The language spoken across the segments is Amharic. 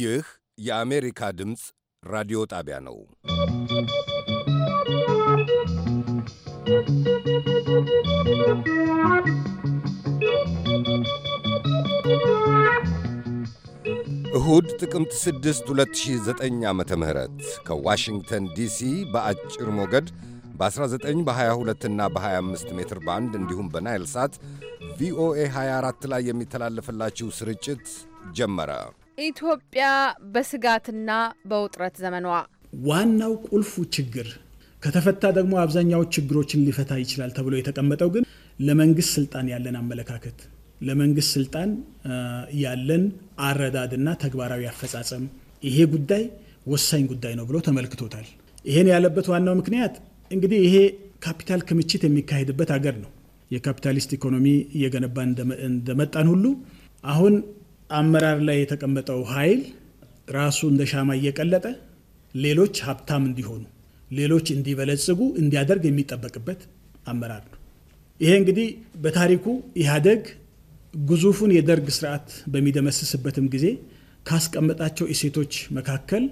ይህ የአሜሪካ ድምፅ ራዲዮ ጣቢያ ነው። እሁድ ጥቅምት 6 2009 ዓ ም ከዋሽንግተን ዲሲ በአጭር ሞገድ በ19 በ22 እና በ25 ሜትር ባንድ እንዲሁም በናይል ሳት ቪኦኤ 24 ላይ የሚተላለፍላችሁ ስርጭት ጀመረ። ኢትዮጵያ በስጋትና በውጥረት ዘመኗ ዋናው ቁልፉ ችግር ከተፈታ ደግሞ አብዛኛው ችግሮችን ሊፈታ ይችላል ተብሎ የተቀመጠው ግን ለመንግስት ስልጣን ያለን አመለካከት፣ ለመንግስት ስልጣን ያለን አረዳድና ተግባራዊ አፈጻጸም ይሄ ጉዳይ ወሳኝ ጉዳይ ነው ብሎ ተመልክቶታል። ይሄን ያለበት ዋናው ምክንያት እንግዲህ ይሄ ካፒታል ክምችት የሚካሄድበት ሀገር ነው። የካፒታሊስት ኢኮኖሚ እየገነባ እንደመጣን ሁሉ አሁን አመራር ላይ የተቀመጠው ኃይል ራሱ እንደ ሻማ እየቀለጠ ሌሎች ሀብታም እንዲሆኑ፣ ሌሎች እንዲበለጽጉ እንዲያደርግ የሚጠበቅበት አመራር ነው። ይሄ እንግዲህ በታሪኩ ኢህአደግ ግዙፉን የደርግ ስርዓት በሚደመስስበትም ጊዜ ካስቀመጣቸው እሴቶች መካከል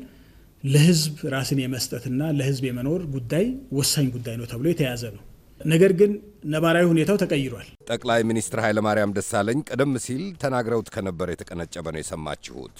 ለህዝብ ራስን የመስጠትና ለህዝብ የመኖር ጉዳይ ወሳኝ ጉዳይ ነው ተብሎ የተያዘ ነው። ነገር ግን ነባራዊ ሁኔታው ተቀይሯል። ጠቅላይ ሚኒስትር ኃይለማርያም ደሳለኝ ቀደም ሲል ተናግረውት ከነበር የተቀነጨበ ነው የሰማችሁት።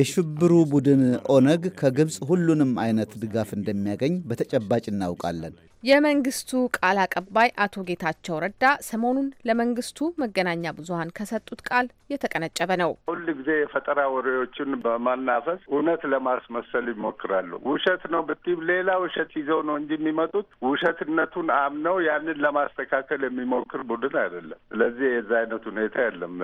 የሽብሩ ቡድን ኦነግ ከግብፅ ሁሉንም አይነት ድጋፍ እንደሚያገኝ በተጨባጭ እናውቃለን። የመንግስቱ ቃል አቀባይ አቶ ጌታቸው ረዳ ሰሞኑን ለመንግስቱ መገናኛ ብዙኃን ከሰጡት ቃል የተቀነጨበ ነው። ሁል ጊዜ የፈጠራ ወሬዎችን በማናፈስ እውነት ለማስመሰል ይሞክራሉ። ውሸት ነው ብትም ሌላ ውሸት ይዘው ነው እንጂ የሚመጡት ውሸትነቱን አምነው ያንን ለማስተካከል የሚሞክር ቡድን አይደለም። ስለዚህ የዛ አይነት ሁኔታ የለም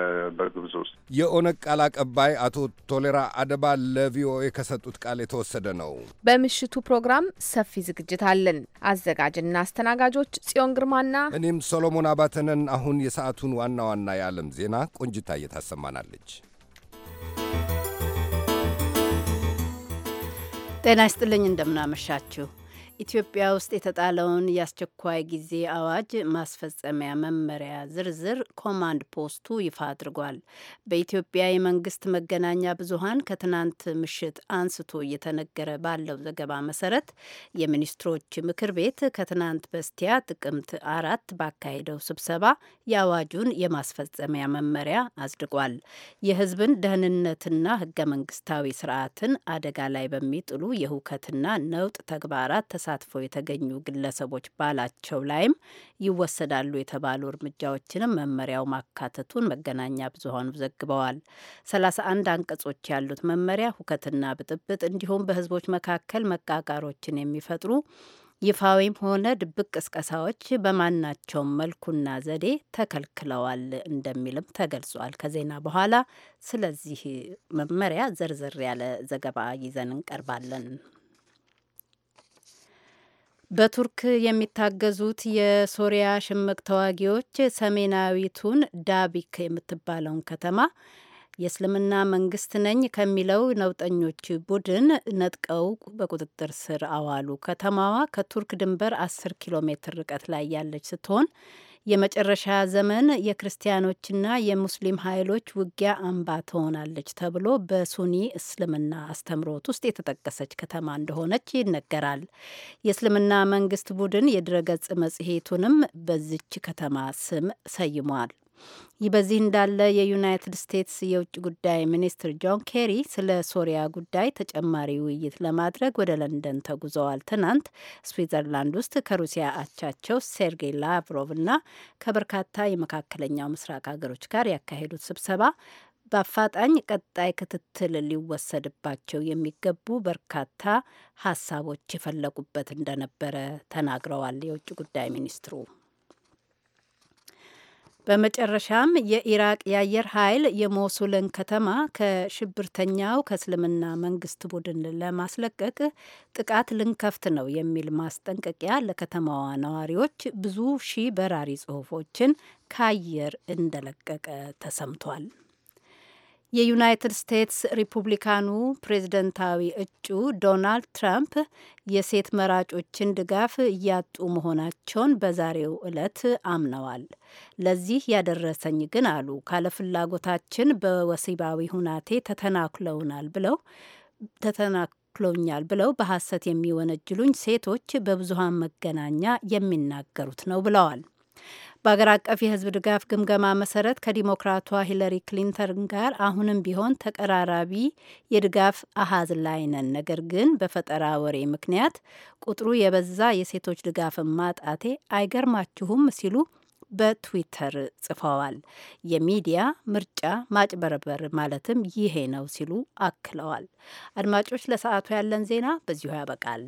በግብጽ ውስጥ። የኦነግ ቃል አቀባይ አቶ ቶሌራ አደባ ለቪኦኤ ከሰጡት ቃል የተወሰደ ነው። በምሽቱ ፕሮግራም ሰፊ ዝግጅት አለን አዘጋጅ አዘጋጅና አስተናጋጆች ጽዮን ግርማና እኔም ሶሎሞን አባተነን። አሁን የሰዓቱን ዋና ዋና የዓለም ዜና ቆንጅታ እየታሰማናለች። ጤና ይስጥልኝ እንደምናመሻችሁ ኢትዮጵያ ውስጥ የተጣለውን የአስቸኳይ ጊዜ አዋጅ ማስፈጸሚያ መመሪያ ዝርዝር ኮማንድ ፖስቱ ይፋ አድርጓል። በኢትዮጵያ የመንግስት መገናኛ ብዙሃን ከትናንት ምሽት አንስቶ እየተነገረ ባለው ዘገባ መሰረት የሚኒስትሮች ምክር ቤት ከትናንት በስቲያ ጥቅምት አራት ባካሄደው ስብሰባ የአዋጁን የማስፈጸሚያ መመሪያ አጽድቋል። የህዝብን ደህንነትና ህገ መንግስታዊ ስርዓትን አደጋ ላይ በሚጥሉ የሁከትና ነውጥ ተግባራት ተሳ ተሳትፈው የተገኙ ግለሰቦች ባላቸው ላይም ይወሰዳሉ የተባሉ እርምጃዎችንም መመሪያው ማካተቱን መገናኛ ብዙሀኑ ዘግበዋል። 31 አንቀጾች ያሉት መመሪያ ሁከትና ብጥብጥ እንዲሁም በህዝቦች መካከል መቃቃሮችን የሚፈጥሩ ይፋዊም ሆነ ድብቅ ቅስቀሳዎች በማናቸውም መልኩና ዘዴ ተከልክለዋል እንደሚልም ተገልጿል። ከዜና በኋላ ስለዚህ መመሪያ ዘርዘር ያለ ዘገባ ይዘን እንቀርባለን። በቱርክ የሚታገዙት የሶሪያ ሽምቅ ተዋጊዎች ሰሜናዊቱን ዳቢክ የምትባለውን ከተማ የእስልምና መንግስት ነኝ ከሚለው ነውጠኞች ቡድን ነጥቀው በቁጥጥር ስር አዋሉ። ከተማዋ ከቱርክ ድንበር አስር ኪሎ ሜትር ርቀት ላይ ያለች ስትሆን የመጨረሻ ዘመን የክርስቲያኖችና የሙስሊም ኃይሎች ውጊያ አምባ ትሆናለች ተብሎ በሱኒ እስልምና አስተምሮት ውስጥ የተጠቀሰች ከተማ እንደሆነች ይነገራል። የእስልምና መንግስት ቡድን የድረገጽ መጽሔቱንም በዚች ከተማ ስም ሰይሟል። ይህ በዚህ እንዳለ የዩናይትድ ስቴትስ የውጭ ጉዳይ ሚኒስትር ጆን ኬሪ ስለ ሶሪያ ጉዳይ ተጨማሪ ውይይት ለማድረግ ወደ ለንደን ተጉዘዋል። ትናንት ስዊዘርላንድ ውስጥ ከሩሲያ አቻቸው ሴርጌይ ላቭሮቭ እና ከበርካታ የመካከለኛው ምስራቅ ሀገሮች ጋር ያካሄዱት ስብሰባ በአፋጣኝ ቀጣይ ክትትል ሊወሰድባቸው የሚገቡ በርካታ ሀሳቦች የፈለጉበት እንደነበረ ተናግረዋል የውጭ ጉዳይ ሚኒስትሩ። በመጨረሻም የኢራቅ የአየር ኃይል የሞሱልን ከተማ ከሽብርተኛው ከእስልምና መንግስት ቡድን ለማስለቀቅ ጥቃት ልንከፍት ነው የሚል ማስጠንቀቂያ ለከተማዋ ነዋሪዎች ብዙ ሺህ በራሪ ጽሁፎችን ከአየር እንደለቀቀ ተሰምቷል። የዩናይትድ ስቴትስ ሪፑብሊካኑ ፕሬዝደንታዊ እጩ ዶናልድ ትራምፕ የሴት መራጮችን ድጋፍ እያጡ መሆናቸውን በዛሬው ዕለት አምነዋል። ለዚህ ያደረሰኝ ግን አሉ፣ ካለፍላጎታችን በወሲባዊ ሁናቴ ተተናክለውናል ብለው ተተናክለውኛል ብለው በሐሰት የሚወነጅሉኝ ሴቶች በብዙሃን መገናኛ የሚናገሩት ነው ብለዋል። በአገር አቀፍ የህዝብ ድጋፍ ግምገማ መሰረት ከዲሞክራቷ ሂለሪ ክሊንተን ጋር አሁንም ቢሆን ተቀራራቢ የድጋፍ አሀዝ ላይ ነን። ነገር ግን በፈጠራ ወሬ ምክንያት ቁጥሩ የበዛ የሴቶች ድጋፍን ማጣቴ አይገርማችሁም ሲሉ በትዊተር ጽፈዋል። የሚዲያ ምርጫ ማጭበርበር ማለትም ይሄ ነው ሲሉ አክለዋል። አድማጮች፣ ለሰዓቱ ያለን ዜና በዚሁ ያበቃል።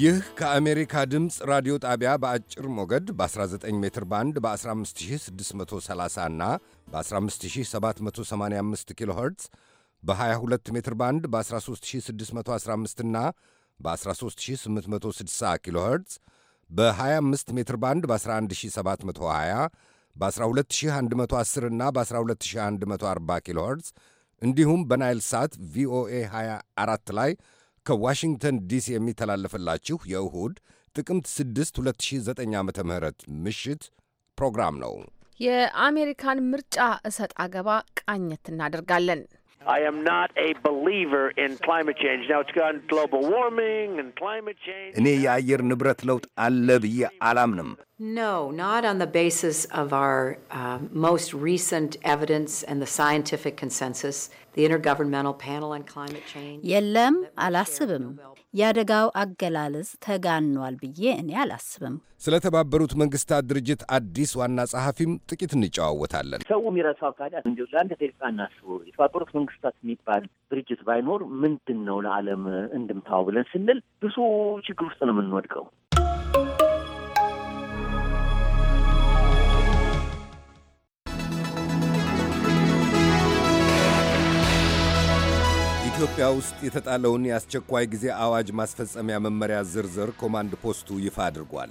ይህ ከአሜሪካ ድምፅ ራዲዮ ጣቢያ በአጭር ሞገድ በ19 ሜትር ባንድ በ15630 እና በ15785 ኪሎ ኸርትዝ በ22 ሜትር ባንድ በ13615 እና በ13860 ኪሎ ኸርትዝ በ25 ሜትር ባንድ በ11720 በ12110 እና በ12140 ኪሎ ኸርትዝ እንዲሁም በናይል ሳት ቪኦኤ 24 ላይ ከዋሽንግተን ዲሲ የሚተላለፍላችሁ የእሁድ ጥቅምት 6 2009 ዓ ም ምሽት ፕሮግራም ነው። የአሜሪካን ምርጫ እሰጥ አገባ ቃኘት እናደርጋለን። I am not a believer in climate change. Now it's gone global warming and climate change. እኔ የአየር ንብረት ለውጥ አለ ብዬ አላምንም። No, not on the basis of our uh, most recent evidence and the scientific consensus, the Intergovernmental Panel on Climate Change. የለም አላስብም። የአደጋው አገላለጽ ተጋኗል ብዬ እኔ አላስብም። ስለተባበሩት መንግስታት ድርጅት አዲስ ዋና ጸሐፊም ጥቂት እንጨዋወታለን። ሰው የሚረሳው ታዲያ እንዲሁ ለአንድ ደቂቃ እናስበው። የተባበሩት መንግስታት የሚባል ድርጅት ባይኖር ምንድን ነው ለዓለም እንድምታው ብለን ስንል ብዙ ችግር ውስጥ ነው የምንወድቀው። ኢትዮጵያ ውስጥ የተጣለውን የአስቸኳይ ጊዜ አዋጅ ማስፈጸሚያ መመሪያ ዝርዝር ኮማንድ ፖስቱ ይፋ አድርጓል።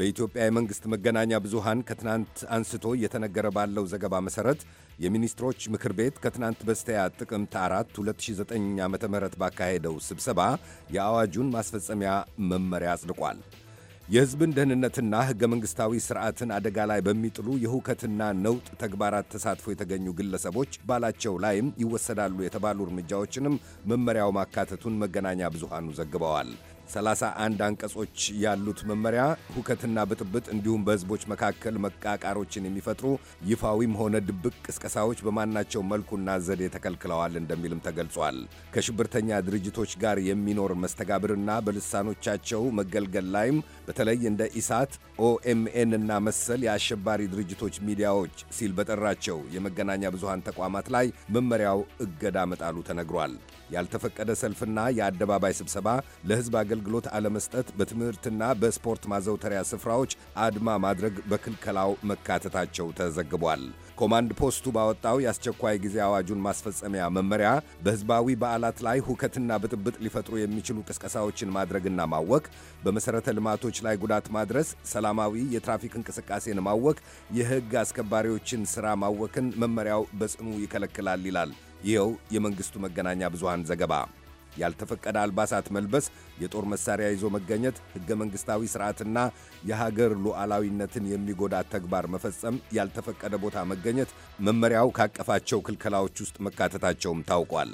በኢትዮጵያ የመንግሥት መገናኛ ብዙሃን ከትናንት አንስቶ እየተነገረ ባለው ዘገባ መሠረት የሚኒስትሮች ምክር ቤት ከትናንት በስቲያ ጥቅምት 4 2009 ዓ ም ባካሄደው ስብሰባ የአዋጁን ማስፈጸሚያ መመሪያ አጽድቋል። የሕዝብን ደህንነትና ሕገ መንግሥታዊ ሥርዓትን አደጋ ላይ በሚጥሉ የሁከትና ነውጥ ተግባራት ተሳትፎ የተገኙ ግለሰቦች ባላቸው ላይም ይወሰዳሉ የተባሉ እርምጃዎችንም መመሪያው ማካተቱን መገናኛ ብዙሃኑ ዘግበዋል። 31 አንቀጾች ያሉት መመሪያ ሁከትና ብጥብጥ እንዲሁም በሕዝቦች መካከል መቃቃሮችን የሚፈጥሩ ይፋዊም ሆነ ድብቅ ቅስቀሳዎች በማናቸው መልኩና ዘዴ ተከልክለዋል እንደሚልም ተገልጿል። ከሽብርተኛ ድርጅቶች ጋር የሚኖር መስተጋብርና በልሳኖቻቸው መገልገል ላይም በተለይ እንደ ኢሳት፣ ኦኤምኤን እና መሰል የአሸባሪ ድርጅቶች ሚዲያዎች ሲል በጠራቸው የመገናኛ ብዙሃን ተቋማት ላይ መመሪያው እገዳ መጣሉ ተነግሯል። ያልተፈቀደ ሰልፍና የአደባባይ ስብሰባ፣ ለሕዝብ አገልግሎት አለመስጠት፣ በትምህርትና በስፖርት ማዘውተሪያ ስፍራዎች አድማ ማድረግ በክልከላው መካተታቸው ተዘግቧል። ኮማንድ ፖስቱ ባወጣው የአስቸኳይ ጊዜ አዋጁን ማስፈጸሚያ መመሪያ በሕዝባዊ በዓላት ላይ ሁከትና ብጥብጥ ሊፈጥሩ የሚችሉ ቅስቀሳዎችን ማድረግና ማወክ፣ በመሠረተ ልማቶች ላይ ጉዳት ማድረስ፣ ሰላማዊ የትራፊክ እንቅስቃሴን ማወክ፣ የሕግ አስከባሪዎችን ሥራ ማወክን መመሪያው በጽኑ ይከለክላል ይላል። ይኸው የመንግሥቱ መገናኛ ብዙሃን ዘገባ። ያልተፈቀደ አልባሳት መልበስ፣ የጦር መሳሪያ ይዞ መገኘት፣ ሕገ መንግሥታዊ ሥርዓትና የሀገር ሉዓላዊነትን የሚጎዳ ተግባር መፈጸም፣ ያልተፈቀደ ቦታ መገኘት መመሪያው ካቀፋቸው ክልከላዎች ውስጥ መካተታቸውም ታውቋል።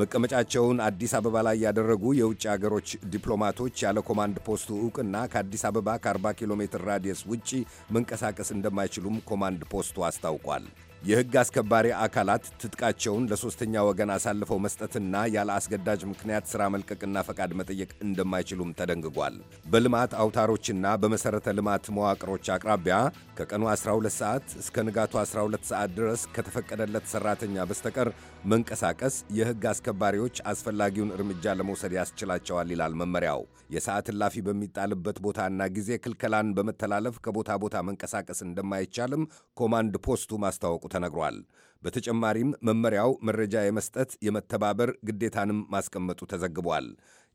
መቀመጫቸውን አዲስ አበባ ላይ ያደረጉ የውጭ አገሮች ዲፕሎማቶች ያለ ኮማንድ ፖስቱ ዕውቅና ከአዲስ አበባ ከ40 ኪሎ ሜትር ራዲየስ ውጪ መንቀሳቀስ እንደማይችሉም ኮማንድ ፖስቱ አስታውቋል። የሕግ አስከባሪ አካላት ትጥቃቸውን ለሦስተኛ ወገን አሳልፈው መስጠትና ያለ አስገዳጅ ምክንያት ሥራ መልቀቅና ፈቃድ መጠየቅ እንደማይችሉም ተደንግጓል። በልማት አውታሮችና በመሠረተ ልማት መዋቅሮች አቅራቢያ ከቀኑ 12 ሰዓት እስከ ንጋቱ 12 ሰዓት ድረስ ከተፈቀደለት ሠራተኛ በስተቀር መንቀሳቀስ የሕግ አስከባሪዎች አስፈላጊውን እርምጃ ለመውሰድ ያስችላቸዋል ይላል መመሪያው። የሰዓት እላፊ በሚጣልበት ቦታና ጊዜ ክልከላን በመተላለፍ ከቦታ ቦታ መንቀሳቀስ እንደማይቻልም ኮማንድ ፖስቱ ማስታወቁ ተነግሯል። በተጨማሪም መመሪያው መረጃ የመስጠት የመተባበር ግዴታንም ማስቀመጡ ተዘግቧል።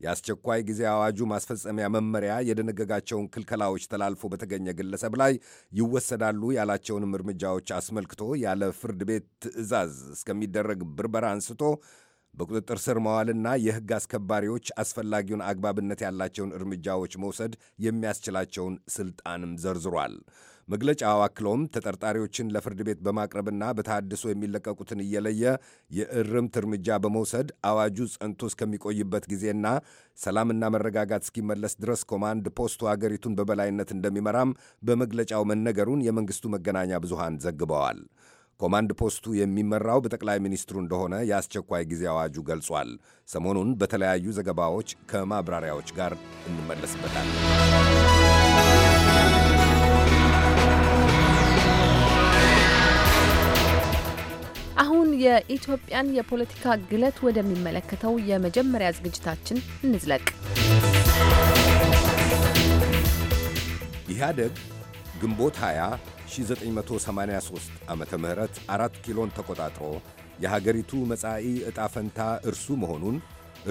የአስቸኳይ ጊዜ አዋጁ ማስፈጸሚያ መመሪያ የደነገጋቸውን ክልከላዎች ተላልፎ በተገኘ ግለሰብ ላይ ይወሰዳሉ ያላቸውንም እርምጃዎች አስመልክቶ ያለ ፍርድ ቤት ትዕዛዝ እስከሚደረግ ብርበራ አንስቶ በቁጥጥር ስር መዋልና የሕግ አስከባሪዎች አስፈላጊውን አግባብነት ያላቸውን እርምጃዎች መውሰድ የሚያስችላቸውን ስልጣንም ዘርዝሯል። መግለጫው አክሎም ተጠርጣሪዎችን ለፍርድ ቤት በማቅረብና በታድሶ የሚለቀቁትን እየለየ የእርምት እርምጃ በመውሰድ አዋጁ ጸንቶ እስከሚቆይበት ጊዜና ሰላምና መረጋጋት እስኪመለስ ድረስ ኮማንድ ፖስቱ አገሪቱን በበላይነት እንደሚመራም በመግለጫው መነገሩን የመንግስቱ መገናኛ ብዙሃን ዘግበዋል። ኮማንድ ፖስቱ የሚመራው በጠቅላይ ሚኒስትሩ እንደሆነ የአስቸኳይ ጊዜ አዋጁ ገልጿል። ሰሞኑን በተለያዩ ዘገባዎች ከማብራሪያዎች ጋር እንመለስበታለን። የኢትዮጵያን የፖለቲካ ግለት ወደሚመለከተው የመጀመሪያ ዝግጅታችን እንዝለቅ። ኢህአደግ ግንቦት 20 1983 ዓ ም አራት ኪሎን ተቆጣጥሮ የሀገሪቱ መጻኢ ዕጣ ፈንታ እርሱ መሆኑን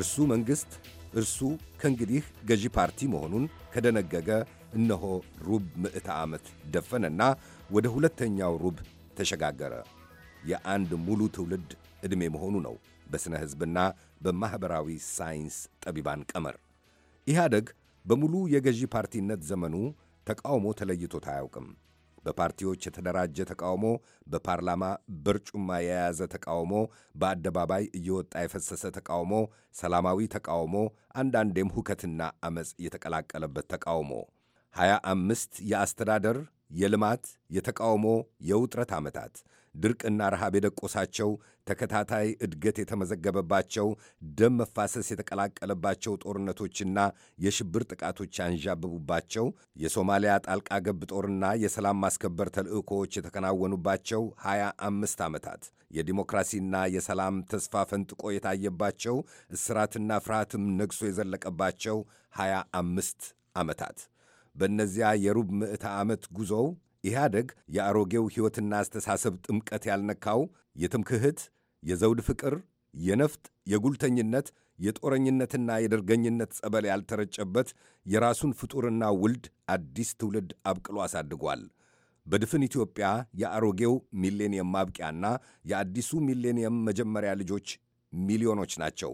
እርሱ መንግሥት እርሱ ከእንግዲህ ገዢ ፓርቲ መሆኑን ከደነገገ እነሆ ሩብ ምዕተ ዓመት ደፈነና ወደ ሁለተኛው ሩብ ተሸጋገረ። የአንድ ሙሉ ትውልድ ዕድሜ መሆኑ ነው በሥነ ሕዝብና በማኅበራዊ ሳይንስ ጠቢባን ቀመር። ኢህአደግ በሙሉ የገዢ ፓርቲነት ዘመኑ ተቃውሞ ተለይቶት አያውቅም። በፓርቲዎች የተደራጀ ተቃውሞ፣ በፓርላማ በርጩማ የያዘ ተቃውሞ፣ በአደባባይ እየወጣ የፈሰሰ ተቃውሞ፣ ሰላማዊ ተቃውሞ፣ አንዳንዴም ሁከትና ዐመፅ የተቀላቀለበት ተቃውሞ ሀያ አምስት የአስተዳደር የልማት የተቃውሞ የውጥረት ዓመታት ድርቅና ረሃብ የደቆሳቸው ተከታታይ እድገት የተመዘገበባቸው ደም መፋሰስ የተቀላቀለባቸው ጦርነቶችና የሽብር ጥቃቶች ያንዣብቡባቸው የሶማሊያ ጣልቃ ገብ ጦርና የሰላም ማስከበር ተልዕኮዎች የተከናወኑባቸው ሀያ አምስት ዓመታት የዲሞክራሲና የሰላም ተስፋ ፈንጥቆ የታየባቸው እስራትና ፍርሃትም ነግሶ የዘለቀባቸው ሀያ አምስት ዓመታት በእነዚያ የሩብ ምዕተ ዓመት ጉዞው ኢህአደግ የአሮጌው ሕይወትና አስተሳሰብ ጥምቀት ያልነካው የትምክህት፣ የዘውድ ፍቅር፣ የነፍጥ፣ የጉልተኝነት፣ የጦረኝነትና የደርገኝነት ጸበል ያልተረጨበት የራሱን ፍጡርና ውልድ አዲስ ትውልድ አብቅሎ አሳድጓል። በድፍን ኢትዮጵያ የአሮጌው ሚሌኒየም ማብቂያና የአዲሱ ሚሌኒየም መጀመሪያ ልጆች ሚሊዮኖች ናቸው።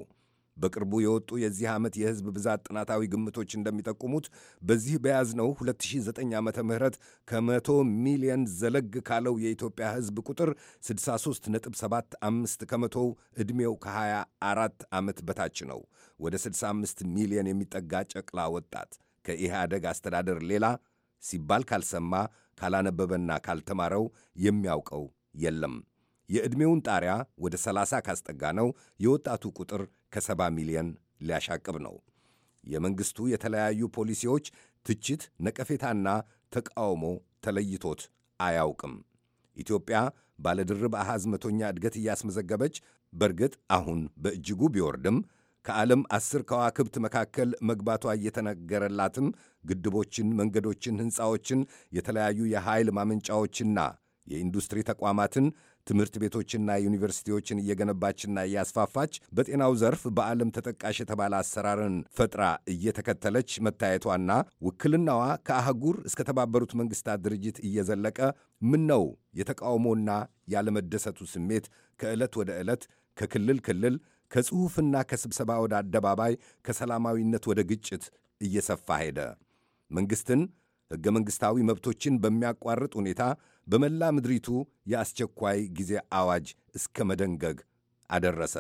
በቅርቡ የወጡ የዚህ ዓመት የህዝብ ብዛት ጥናታዊ ግምቶች እንደሚጠቁሙት በዚህ በያዝነው 2009 ዓ ም ከመቶ ሚሊዮን ዘለግ ካለው የኢትዮጵያ ህዝብ ቁጥር 63.75 ከመቶ ዕድሜው ከ24 ዓመት በታች ነው። ወደ 65 ሚሊዮን የሚጠጋ ጨቅላ ወጣት ከኢህአደግ አስተዳደር ሌላ ሲባል ካልሰማ ካላነበበና ካልተማረው የሚያውቀው የለም። የዕድሜውን ጣሪያ ወደ 30 ካስጠጋ ነው የወጣቱ ቁጥር ከሰባ ሚሊዮን ሊያሻቅብ ነው። የመንግሥቱ የተለያዩ ፖሊሲዎች ትችት፣ ነቀፌታና ተቃውሞ ተለይቶት አያውቅም። ኢትዮጵያ ባለድርብ አሃዝ መቶኛ እድገት እያስመዘገበች በእርግጥ አሁን በእጅጉ ቢወርድም ከዓለም አስር ከዋክብት መካከል መግባቷ እየተነገረላትም ግድቦችን፣ መንገዶችን፣ ሕንፃዎችን፣ የተለያዩ የኃይል ማመንጫዎችና የኢንዱስትሪ ተቋማትን ትምህርት ቤቶችና ዩኒቨርሲቲዎችን እየገነባችና እያስፋፋች በጤናው ዘርፍ በዓለም ተጠቃሽ የተባለ አሰራርን ፈጥራ እየተከተለች መታየቷና ውክልናዋ ከአህጉር እስከ ተባበሩት መንግስታት ድርጅት እየዘለቀ ምን ነው የተቃውሞና ያለመደሰቱ ስሜት ከዕለት ወደ ዕለት ከክልል ክልል ከጽሑፍና ከስብሰባ ወደ አደባባይ ከሰላማዊነት ወደ ግጭት እየሰፋ ሄደ። መንግሥትን ሕገ መንግሥታዊ መብቶችን በሚያቋርጥ ሁኔታ በመላ ምድሪቱ የአስቸኳይ ጊዜ አዋጅ እስከ መደንገግ አደረሰ።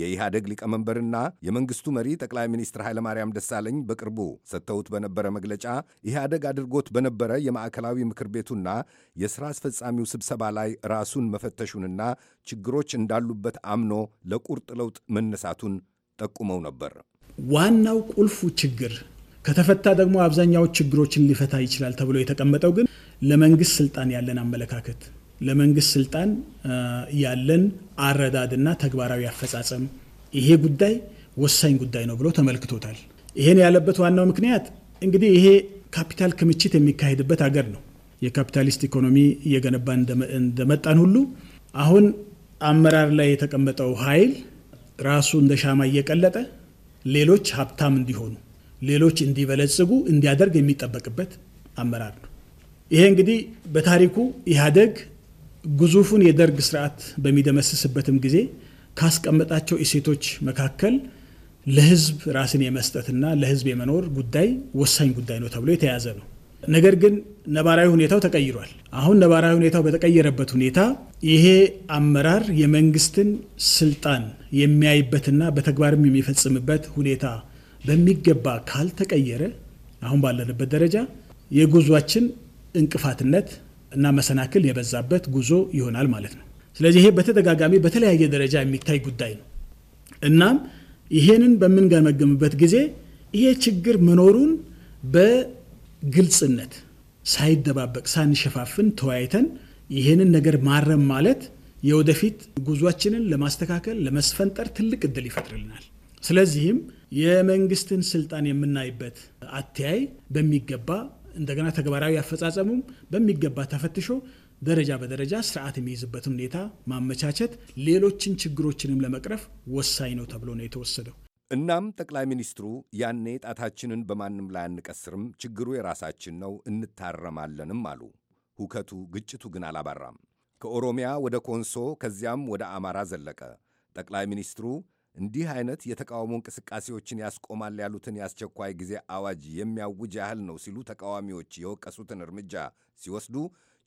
የኢህአደግ ሊቀመንበርና የመንግስቱ መሪ ጠቅላይ ሚኒስትር ኃይለማርያም ደሳለኝ በቅርቡ ሰጥተውት በነበረ መግለጫ ኢህአደግ አድርጎት በነበረ የማዕከላዊ ምክር ቤቱና የሥራ አስፈጻሚው ስብሰባ ላይ ራሱን መፈተሹንና ችግሮች እንዳሉበት አምኖ ለቁርጥ ለውጥ መነሳቱን ጠቁመው ነበር። ዋናው ቁልፉ ችግር ከተፈታ ደግሞ አብዛኛው ችግሮችን ሊፈታ ይችላል ተብሎ የተቀመጠው ግን ለመንግስት ስልጣን ያለን አመለካከት ለመንግስት ስልጣን ያለን አረዳድና ተግባራዊ አፈጻጸም ይሄ ጉዳይ ወሳኝ ጉዳይ ነው ብሎ ተመልክቶታል። ይሄን ያለበት ዋናው ምክንያት እንግዲህ ይሄ ካፒታል ክምችት የሚካሄድበት አገር ነው። የካፒታሊስት ኢኮኖሚ እየገነባ እንደመጣን ሁሉ አሁን አመራር ላይ የተቀመጠው ኃይል ራሱ እንደ ሻማ እየቀለጠ ሌሎች ሀብታም እንዲሆኑ ሌሎች እንዲበለጽጉ እንዲያደርግ የሚጠበቅበት አመራር ነው። ይሄ እንግዲህ በታሪኩ ኢህአደግ ግዙፉን የደርግ ስርዓት በሚደመስስበትም ጊዜ ካስቀመጣቸው እሴቶች መካከል ለህዝብ ራስን የመስጠትና ለህዝብ የመኖር ጉዳይ ወሳኝ ጉዳይ ነው ተብሎ የተያዘ ነው። ነገር ግን ነባራዊ ሁኔታው ተቀይሯል። አሁን ነባራዊ ሁኔታው በተቀየረበት ሁኔታ ይሄ አመራር የመንግስትን ስልጣን የሚያይበትና በተግባርም የሚፈጽምበት ሁኔታ በሚገባ ካልተቀየረ አሁን ባለንበት ደረጃ የጉዟችን እንቅፋትነት እና መሰናክል የበዛበት ጉዞ ይሆናል ማለት ነው። ስለዚህ ይሄ በተደጋጋሚ በተለያየ ደረጃ የሚታይ ጉዳይ ነው። እናም ይሄንን በምንገመግምበት ጊዜ ይሄ ችግር መኖሩን በግልጽነት ሳይደባበቅ፣ ሳንሸፋፍን ተወያይተን ይሄንን ነገር ማረም ማለት የወደፊት ጉዟችንን ለማስተካከል ለመስፈንጠር ትልቅ እድል ይፈጥርልናል። ስለዚህም የመንግስትን ስልጣን የምናይበት አተያይ በሚገባ እንደገና ተግባራዊ አፈጻጸሙም በሚገባ ተፈትሾ ደረጃ በደረጃ ስርዓት የሚይዝበትን ሁኔታ ማመቻቸት ሌሎችን ችግሮችንም ለመቅረፍ ወሳኝ ነው ተብሎ ነው የተወሰደው። እናም ጠቅላይ ሚኒስትሩ ያኔ ጣታችንን በማንም ላይ አንቀስርም፣ ችግሩ የራሳችን ነው፣ እንታረማለንም አሉ። ሁከቱ፣ ግጭቱ ግን አላባራም። ከኦሮሚያ ወደ ኮንሶ ከዚያም ወደ አማራ ዘለቀ። ጠቅላይ ሚኒስትሩ እንዲህ አይነት የተቃውሞ እንቅስቃሴዎችን ያስቆማል ያሉትን የአስቸኳይ ጊዜ አዋጅ የሚያውጅ ያህል ነው ሲሉ ተቃዋሚዎች የወቀሱትን እርምጃ ሲወስዱ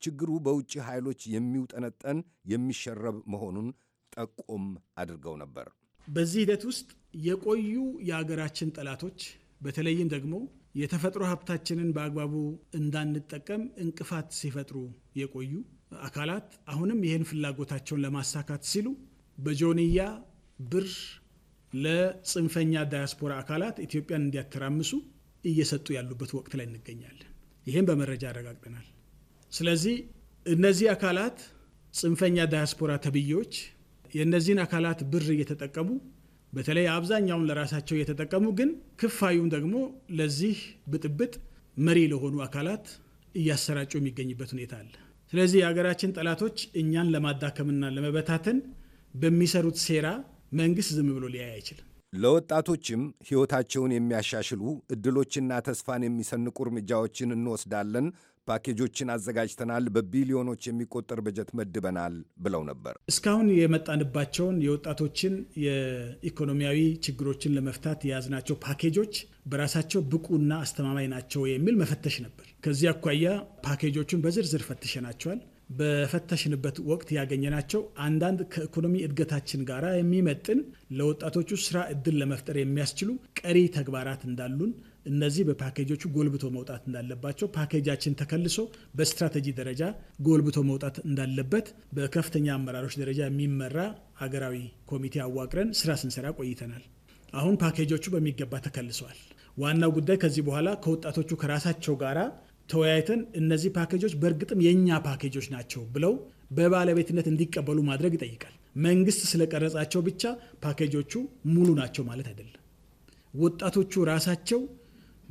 ችግሩ በውጭ ኃይሎች የሚውጠነጠን የሚሸረብ መሆኑን ጠቆም አድርገው ነበር። በዚህ ሂደት ውስጥ የቆዩ የአገራችን ጠላቶች በተለይም ደግሞ የተፈጥሮ ሀብታችንን በአግባቡ እንዳንጠቀም እንቅፋት ሲፈጥሩ የቆዩ አካላት አሁንም ይህን ፍላጎታቸውን ለማሳካት ሲሉ በጆንያ ብር ለጽንፈኛ ዳያስፖራ አካላት ኢትዮጵያን እንዲያተራምሱ እየሰጡ ያሉበት ወቅት ላይ እንገኛለን። ይህም በመረጃ አረጋግጠናል። ስለዚህ እነዚህ አካላት ጽንፈኛ ዳያስፖራ ተብዬዎች የእነዚህን አካላት ብር እየተጠቀሙ በተለይ አብዛኛውን ለራሳቸው እየተጠቀሙ ግን ክፋዩን ደግሞ ለዚህ ብጥብጥ መሪ ለሆኑ አካላት እያሰራጩ የሚገኝበት ሁኔታ አለ። ስለዚህ የሀገራችን ጠላቶች እኛን ለማዳከምና ለመበታተን በሚሰሩት ሴራ መንግስት ዝም ብሎ ሊያይ አይችልም። ለወጣቶችም ሕይወታቸውን የሚያሻሽሉ ዕድሎችና ተስፋን የሚሰንቁ እርምጃዎችን እንወስዳለን፣ ፓኬጆችን አዘጋጅተናል፣ በቢሊዮኖች የሚቆጠር በጀት መድበናል ብለው ነበር። እስካሁን የመጣንባቸውን የወጣቶችን የኢኮኖሚያዊ ችግሮችን ለመፍታት የያዝናቸው ፓኬጆች በራሳቸው ብቁና አስተማማኝ ናቸው የሚል መፈተሽ ነበር። ከዚህ አኳያ ፓኬጆቹን በዝርዝር ፈትሸናቸዋል። በፈተሽንበት ወቅት ያገኘናቸው አንዳንድ ከኢኮኖሚ እድገታችን ጋር የሚመጥን ለወጣቶቹ ስራ እድል ለመፍጠር የሚያስችሉ ቀሪ ተግባራት እንዳሉን እነዚህ በፓኬጆቹ ጎልብቶ መውጣት እንዳለባቸው ፓኬጃችን ተከልሶ በስትራቴጂ ደረጃ ጎልብቶ መውጣት እንዳለበት በከፍተኛ አመራሮች ደረጃ የሚመራ አገራዊ ኮሚቴ አዋቅረን ስራ ስንሰራ ቆይተናል። አሁን ፓኬጆቹ በሚገባ ተከልሰዋል። ዋናው ጉዳይ ከዚህ በኋላ ከወጣቶቹ ከራሳቸው ጋራ ተወያይተን እነዚህ ፓኬጆች በእርግጥም የእኛ ፓኬጆች ናቸው ብለው በባለቤትነት እንዲቀበሉ ማድረግ ይጠይቃል። መንግስት ስለቀረጻቸው ብቻ ፓኬጆቹ ሙሉ ናቸው ማለት አይደለም። ወጣቶቹ ራሳቸው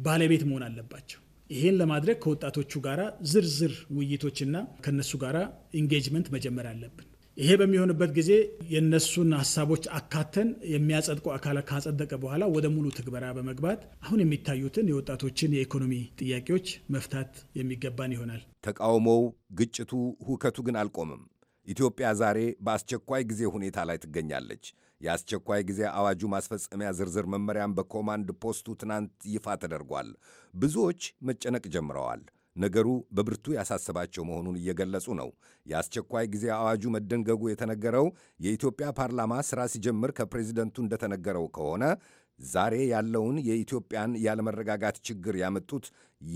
ባለቤት መሆን አለባቸው። ይሄን ለማድረግ ከወጣቶቹ ጋራ ዝርዝር ውይይቶችና ከነሱ ጋራ ኢንጌጅመንት መጀመር አለብን። ይሄ በሚሆንበት ጊዜ የእነሱን ሀሳቦች አካተን የሚያጸድቁ አካል ካጸደቀ በኋላ ወደ ሙሉ ትግበራ በመግባት አሁን የሚታዩትን የወጣቶችን የኢኮኖሚ ጥያቄዎች መፍታት የሚገባን ይሆናል። ተቃውሞው፣ ግጭቱ፣ ሁከቱ ግን አልቆምም። ኢትዮጵያ ዛሬ በአስቸኳይ ጊዜ ሁኔታ ላይ ትገኛለች። የአስቸኳይ ጊዜ አዋጁ ማስፈጸሚያ ዝርዝር መመሪያም በኮማንድ ፖስቱ ትናንት ይፋ ተደርጓል። ብዙዎች መጨነቅ ጀምረዋል። ነገሩ በብርቱ ያሳሰባቸው መሆኑን እየገለጹ ነው። የአስቸኳይ ጊዜ አዋጁ መደንገጉ የተነገረው የኢትዮጵያ ፓርላማ ስራ ሲጀምር ከፕሬዚደንቱ እንደተነገረው ከሆነ ዛሬ ያለውን የኢትዮጵያን ያለመረጋጋት ችግር ያመጡት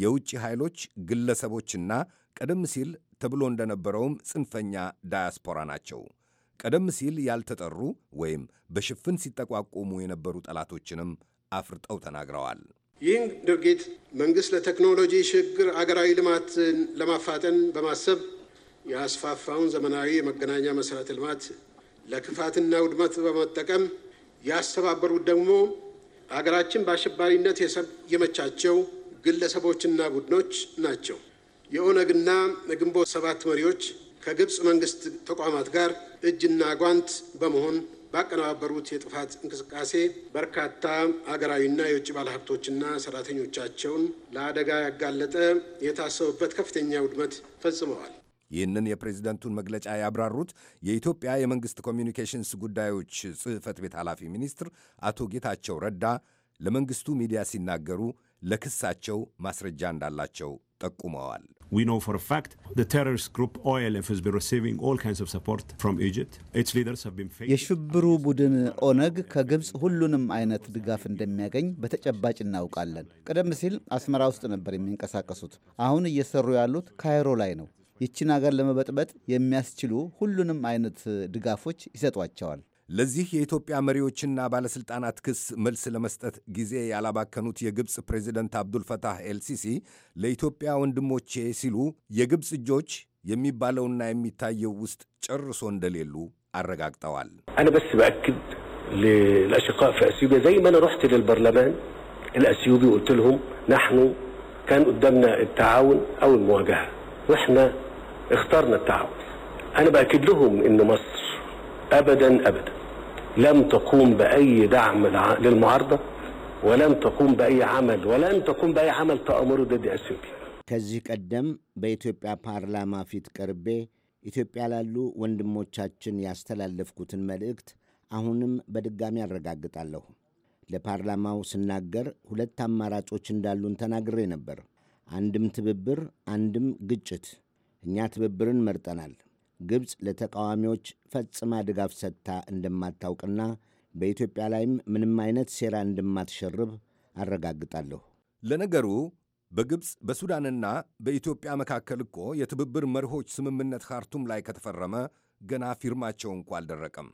የውጭ ኃይሎች ግለሰቦችና ቀደም ሲል ተብሎ እንደነበረውም ጽንፈኛ ዳያስፖራ ናቸው። ቀደም ሲል ያልተጠሩ ወይም በሽፍን ሲጠቋቆሙ የነበሩ ጠላቶችንም አፍርጠው ተናግረዋል። ይህን ድርጊት መንግስት ለቴክኖሎጂ ሽግግር አገራዊ ልማት ለማፋጠን በማሰብ የአስፋፋውን ዘመናዊ የመገናኛ መሰረተ ልማት ለክፋትና ውድመት በመጠቀም ያስተባበሩት ደግሞ አገራችን በአሸባሪነት የመቻቸው ግለሰቦችና ቡድኖች ናቸው። የኦነግና የግንቦት ሰባት መሪዎች ከግብፅ መንግስት ተቋማት ጋር እጅና ጓንት በመሆን ባቀነባበሩት የጥፋት እንቅስቃሴ በርካታ አገራዊና የውጭ ባለሀብቶችና ሰራተኞቻቸውን ለአደጋ ያጋለጠ የታሰቡበት ከፍተኛ ውድመት ፈጽመዋል። ይህንን የፕሬዚደንቱን መግለጫ ያብራሩት የኢትዮጵያ የመንግስት ኮሚኒኬሽንስ ጉዳዮች ጽህፈት ቤት ኃላፊ ሚኒስትር አቶ ጌታቸው ረዳ ለመንግስቱ ሚዲያ ሲናገሩ ለክሳቸው ማስረጃ እንዳላቸው ጠቁመዋል። We know for a fact the terrorist group OLF has been receiving all kinds of support from Egypt. Its leaders have been የሽብሩ ቡድን ኦነግ ከግብፅ ሁሉንም አይነት ድጋፍ እንደሚያገኝ በተጨባጭ እናውቃለን። ቀደም ሲል አስመራ ውስጥ ነበር የሚንቀሳቀሱት። አሁን እየሰሩ ያሉት ካይሮ ላይ ነው። ይችን ሀገር ለመበጥበጥ የሚያስችሉ ሁሉንም አይነት ድጋፎች ይሰጧቸዋል። ለዚህ የኢትዮጵያ መሪዎችና ባለሥልጣናት ክስ መልስ ለመስጠት ጊዜ ያላባከኑት የግብፅ ፕሬዚደንት አብዱልፈታህ ኤልሲሲ ለኢትዮጵያ ወንድሞቼ ሲሉ የግብፅ እጆች የሚባለውና የሚታየው ውስጥ ጨርሶ እንደሌሉ አረጋግጠዋል። አነ በስ በአክድ ለአሽቃ ፊ ዘይ መነ ረሕት ልልበርላማን ልአስዩቢ ቁልት ልሁም ናሕኑ ካን ቁዳምና እተዓውን አው ልመዋጋሃ ወሕና እክታርና እተዓውን አነ በአክድ ልሁም እነ መصር أبدا أبدا لم تقوم باي دعم للمعارضه ولم تقوم باي عمل ولم تقوم باي عمل تأمره ضد اثيوبيا ከዚህ ቀደም በኢትዮጵያ ፓርላማ ፊት ቀርቤ ኢትዮጵያ ላሉ ወንድሞቻችን ያስተላለፍኩትን መልእክት አሁንም በድጋሚ አረጋግጣለሁ። ለፓርላማው ስናገር ሁለት አማራጮች እንዳሉን ተናግሬ ነበር። አንድም ትብብር፣ አንድም ግጭት። እኛ ትብብርን መርጠናል። ግብፅ ለተቃዋሚዎች ፈጽማ ድጋፍ ሰጥታ እንደማታውቅና በኢትዮጵያ ላይም ምንም አይነት ሴራ እንደማትሸርብ አረጋግጣለሁ። ለነገሩ በግብፅ በሱዳንና በኢትዮጵያ መካከል እኮ የትብብር መርሆች ስምምነት ካርቱም ላይ ከተፈረመ ገና ፊርማቸው እንኳ አልደረቀም።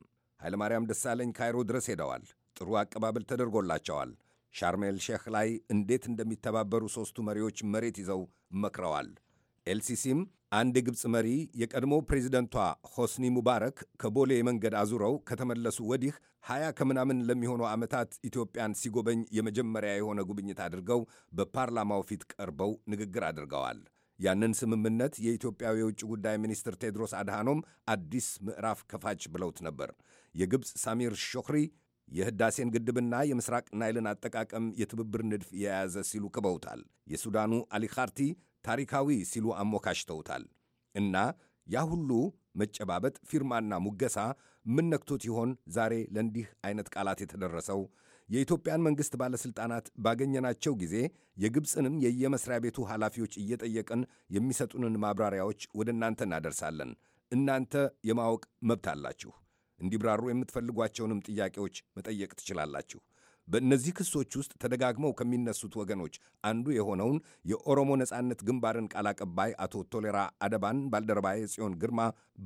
ኃይለማርያም ደሳለኝ ካይሮ ድረስ ሄደዋል። ጥሩ አቀባበል ተደርጎላቸዋል። ሻርሜል ሼክ ላይ እንዴት እንደሚተባበሩ ሦስቱ መሪዎች መሬት ይዘው መክረዋል። ኤልሲሲም አንድ የግብፅ መሪ የቀድሞ ፕሬዚደንቷ ሆስኒ ሙባረክ ከቦሌ መንገድ አዙረው ከተመለሱ ወዲህ ሀያ ከምናምን ለሚሆኑ ዓመታት ኢትዮጵያን ሲጎበኝ የመጀመሪያ የሆነ ጉብኝት አድርገው በፓርላማው ፊት ቀርበው ንግግር አድርገዋል። ያንን ስምምነት የኢትዮጵያው የውጭ ጉዳይ ሚኒስትር ቴድሮስ አድሃኖም አዲስ ምዕራፍ ከፋች ብለውት ነበር። የግብፅ ሳሚር ሾክሪ የህዳሴን ግድብና የምስራቅ ናይልን አጠቃቀም የትብብር ንድፍ የያዘ ሲሉ ክበውታል። የሱዳኑ አሊ ካርቲ ታሪካዊ ሲሉ አሞካሽተውታል። እና ያ ሁሉ መጨባበጥ፣ ፊርማና ሙገሳ ምን ነክቶት ይሆን ዛሬ ለእንዲህ አይነት ቃላት የተደረሰው? የኢትዮጵያን መንግሥት ባለሥልጣናት ባገኘናቸው ጊዜ የግብፅንም የየመስሪያ ቤቱ ኃላፊዎች እየጠየቅን የሚሰጡንን ማብራሪያዎች ወደ እናንተ እናደርሳለን። እናንተ የማወቅ መብት አላችሁ። እንዲብራሩ የምትፈልጓቸውንም ጥያቄዎች መጠየቅ ትችላላችሁ። በእነዚህ ክሶች ውስጥ ተደጋግመው ከሚነሱት ወገኖች አንዱ የሆነውን የኦሮሞ ነጻነት ግንባርን ቃል አቀባይ አቶ ቶሌራ አደባን ባልደረባዬ ጽዮን ግርማ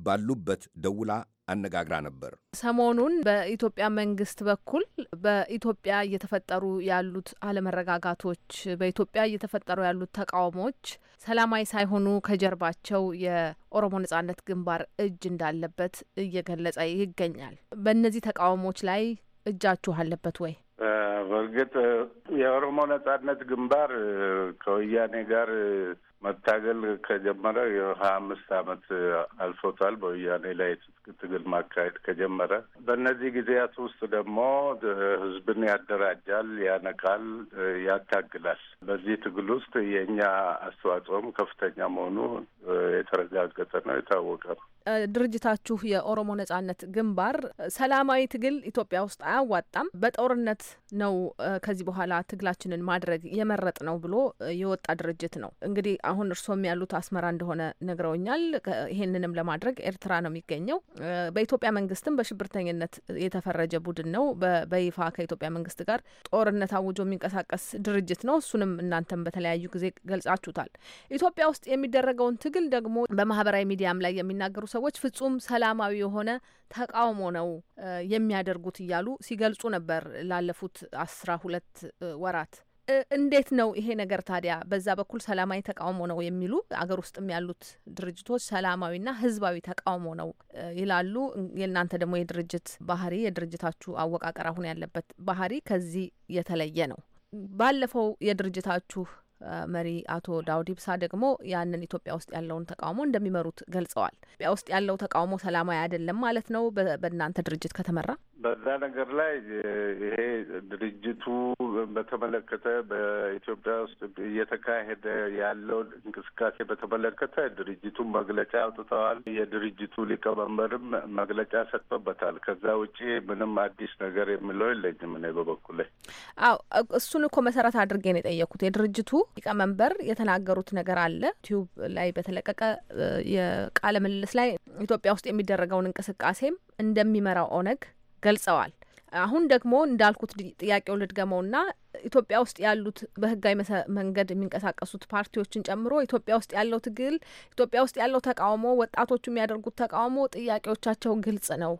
ባሉበት ደውላ አነጋግራ ነበር። ሰሞኑን በኢትዮጵያ መንግስት በኩል በኢትዮጵያ እየተፈጠሩ ያሉት አለመረጋጋቶች፣ በኢትዮጵያ እየተፈጠሩ ያሉት ተቃውሞዎች ሰላማዊ ሳይሆኑ ከጀርባቸው የኦሮሞ ነጻነት ግንባር እጅ እንዳለበት እየገለጸ ይገኛል። በእነዚህ ተቃውሞዎች ላይ እጃችሁ አለበት ወይ? በእርግጥ የኦሮሞ ነጻነት ግንባር ከወያኔ ጋር መታገል ከጀመረ የሀያ አምስት አመት አልፎታል። በወያኔ ላይ ትግል ማካሄድ ከጀመረ በእነዚህ ጊዜያት ውስጥ ደግሞ ህዝብን ያደራጃል፣ ያነቃል፣ ያታግላል። በዚህ ትግል ውስጥ የእኛ አስተዋጽኦም ከፍተኛ መሆኑ የተረጋገጠ ነው፣ የታወቀ ነው። ድርጅታችሁ የኦሮሞ ነጻነት ግንባር ሰላማዊ ትግል ኢትዮጵያ ውስጥ አያዋጣም፣ በጦርነት ነው ከዚህ በኋላ ትግላችንን ማድረግ የመረጥ ነው ብሎ የወጣ ድርጅት ነው እንግዲህ አሁን እርስዎም ያሉት አስመራ እንደሆነ ነግረውኛል። ይሄንንም ለማድረግ ኤርትራ ነው የሚገኘው። በኢትዮጵያ መንግስትም በሽብርተኝነት የተፈረጀ ቡድን ነው። በይፋ ከኢትዮጵያ መንግስት ጋር ጦርነት አውጆ የሚንቀሳቀስ ድርጅት ነው። እሱንም እናንተም በተለያዩ ጊዜ ገልጻችሁታል። ኢትዮጵያ ውስጥ የሚደረገውን ትግል ደግሞ በማህበራዊ ሚዲያም ላይ የሚናገሩ ሰዎች ፍጹም ሰላማዊ የሆነ ተቃውሞ ነው የሚያደርጉት እያሉ ሲገልጹ ነበር ላለፉት አስራ ሁለት ወራት እንዴት ነው ይሄ ነገር ታዲያ? በዛ በኩል ሰላማዊ ተቃውሞ ነው የሚሉ አገር ውስጥም ያሉት ድርጅቶች ሰላማዊና ህዝባዊ ተቃውሞ ነው ይላሉ። የእናንተ ደግሞ የድርጅት ባህሪ የድርጅታችሁ አወቃቀር አሁን ያለበት ባህሪ ከዚህ የተለየ ነው። ባለፈው የድርጅታችሁ መሪ አቶ ዳውድ ኢብሳ ደግሞ ያንን ኢትዮጵያ ውስጥ ያለውን ተቃውሞ እንደሚመሩት ገልጸዋል። ኢትዮጵያ ውስጥ ያለው ተቃውሞ ሰላማዊ አይደለም ማለት ነው በእናንተ ድርጅት ከተመራ በዛ ነገር ላይ ይሄ ድርጅቱ በተመለከተ በኢትዮጵያ ውስጥ እየተካሄደ ያለውን እንቅስቃሴ በተመለከተ ድርጅቱ መግለጫ አውጥተዋል። የድርጅቱ ሊቀመንበርም መግለጫ ሰጥቶበታል። ከዛ ውጪ ምንም አዲስ ነገር የምለው የለኝም እኔ በበኩሌ። አዎ እሱን እኮ መሰረት አድርጌ ነው የጠየኩት። የድርጅቱ ሊቀመንበር የተናገሩት ነገር አለ ቲዩብ ላይ በተለቀቀ የቃለ ምልልስ ላይ ኢትዮጵያ ውስጥ የሚደረገውን እንቅስቃሴም እንደሚመራው ኦነግ ገልጸዋል። አሁን ደግሞ እንዳልኩት ጥያቄውን ልድገመውና ኢትዮጵያ ውስጥ ያሉት በህጋዊ መንገድ የሚንቀሳቀሱት ፓርቲዎችን ጨምሮ ኢትዮጵያ ውስጥ ያለው ትግል፣ ኢትዮጵያ ውስጥ ያለው ተቃውሞ፣ ወጣቶቹ የሚያደርጉት ተቃውሞ ጥያቄዎቻቸው ግልጽ ነው።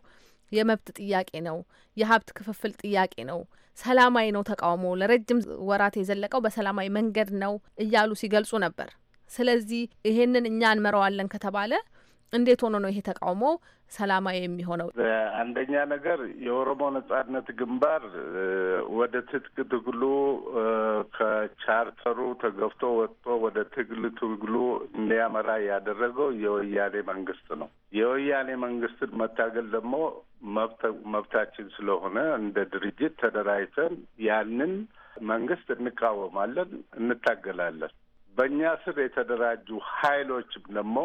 የመብት ጥያቄ ነው። የሀብት ክፍፍል ጥያቄ ነው። ሰላማዊ ነው። ተቃውሞ ለረጅም ወራት የዘለቀው በሰላማዊ መንገድ ነው እያሉ ሲገልጹ ነበር። ስለዚህ ይሄንን እኛ እንመራዋለን ከተባለ እንዴት ሆኖ ነው ይሄ ተቃውሞ ሰላማዊ የሚሆነው? አንደኛ ነገር የኦሮሞ ነጻነት ግንባር ወደ ትጥቅ ትግሉ ከቻርተሩ ተገፍቶ ወጥቶ ወደ ትግል ትግሉ እንዲያመራ ያደረገው የወያኔ መንግስት ነው። የወያኔ መንግስትን መታገል ደግሞ መብታችን ስለሆነ እንደ ድርጅት ተደራጅተን ያንን መንግስት እንቃወማለን፣ እንታገላለን። በእኛ ስር የተደራጁ ሀይሎችም ደግሞ